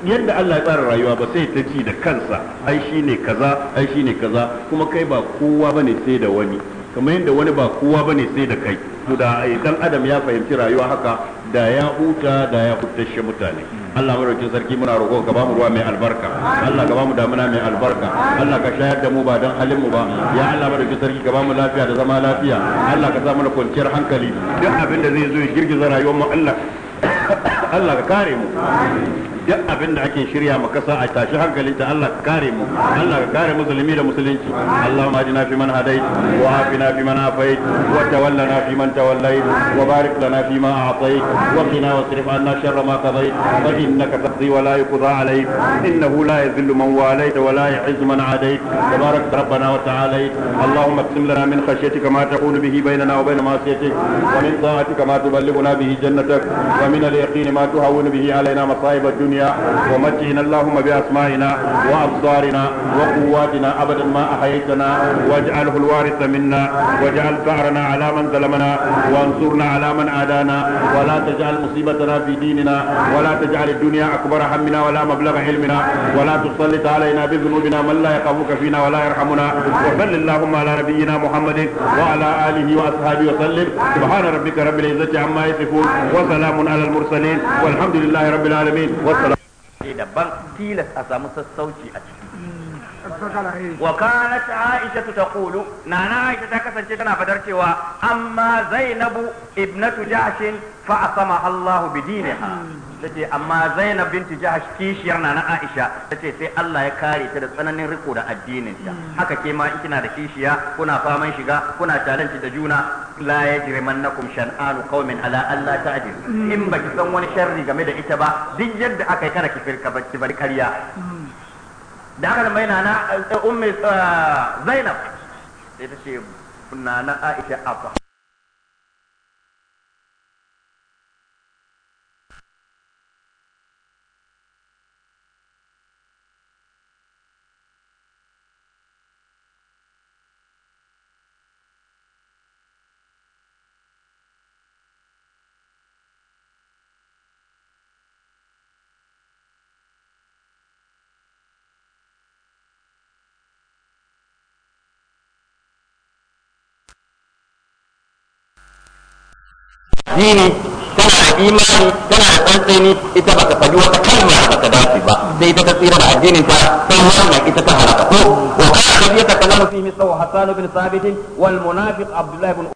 yadda Allah ya tsara rayuwa ba sai ta ci da kansa ai ne kaza ai ne kaza kuma kai ba kowa bane sai da wani kamar yadda wani ba kowa bane sai da kai to da dan adam ya fahimci rayuwa haka da ya huta da ya hutashe mutane Allah maraukin sarki muna roƙo ka bamu ruwa mai albarka Allah ka bamu damuna mai albarka Allah ka shayar da mu ba dan halin mu ba ya Allah maraukin sarki ka bamu lafiya da zama lafiya Allah ka sa kwanciyar hankali duk abin da zai zo ya girgiza rayuwar mu Allah Allah ka kare mu duk abin da ake shirya mu kasa a tashi hankalinta Allah ka kare mu Allah ka kare musulmi da musulunci Allahumma ajina fi man hadait wa afina fi man afait wa tawallana fi man tawallait wa barik lana fi ma a'tait wa qina wasrif anna sharra ma qadait fa innaka taqdi wa la yuqda alayk innahu la yadhillu man walayt wa la yu'izzu man adayt tabarak rabbana wa ta'ala اللهم اقسم لنا من خشيتك ما تحول به بيننا وبين معصيتك ومن طاعتك ما تبلغنا به جنتك ومن اليقين ما تهون به علينا مصائب الدنيا الدنيا ومتعنا اللهم بأسمائنا وأبصارنا وقواتنا أبدا ما أحييتنا واجعله الوارث منا واجعل فأرنا على من ظلمنا وانصرنا على من عادانا ولا تجعل مصيبتنا في ديننا ولا تجعل الدنيا أكبر همنا ولا مبلغ علمنا ولا تسلط علينا بذنوبنا من لا يخافك فينا ولا يرحمنا وصل اللهم على نبينا محمد وعلى آله وأصحابه وسلم سبحان ربك رب العزة عما يصفون وسلام على المرسلين والحمد لله رب العالمين والسلام ne daban tilas a samu sassauci a ciki mm. wa kanat aisha taqulu nana aisha ta kasance tana fadar cewa amma zainabu ibnatu ja'shin fa asama Allah bidiniha mm. tace amma Zainab binti Jahash kishiyar na na Aisha tace sai Allah ya kare ta da tsananin riko da addinin ta hmm. haka ke ma kina da kishiya kuna faman shiga kuna talanci da juna la ya mannakum shan'anu qaumin ala alla ta'dilu hmm. in baki san wani sharri game da ita ba duk yadda aka yi kana ki firka ba ki karya hmm. da haka mai nana eh, eh, ummi eh, Zainab sai ce nana Aisha afa imani tana da tsantseni ita ta faɗi wata kalma da ta dace ba sai ita ta tsira da addinin ta sai wannan ita ta halaka ko wa kana yatakallamu fi mislu hasan bin sabit wal munafiq abdullah bin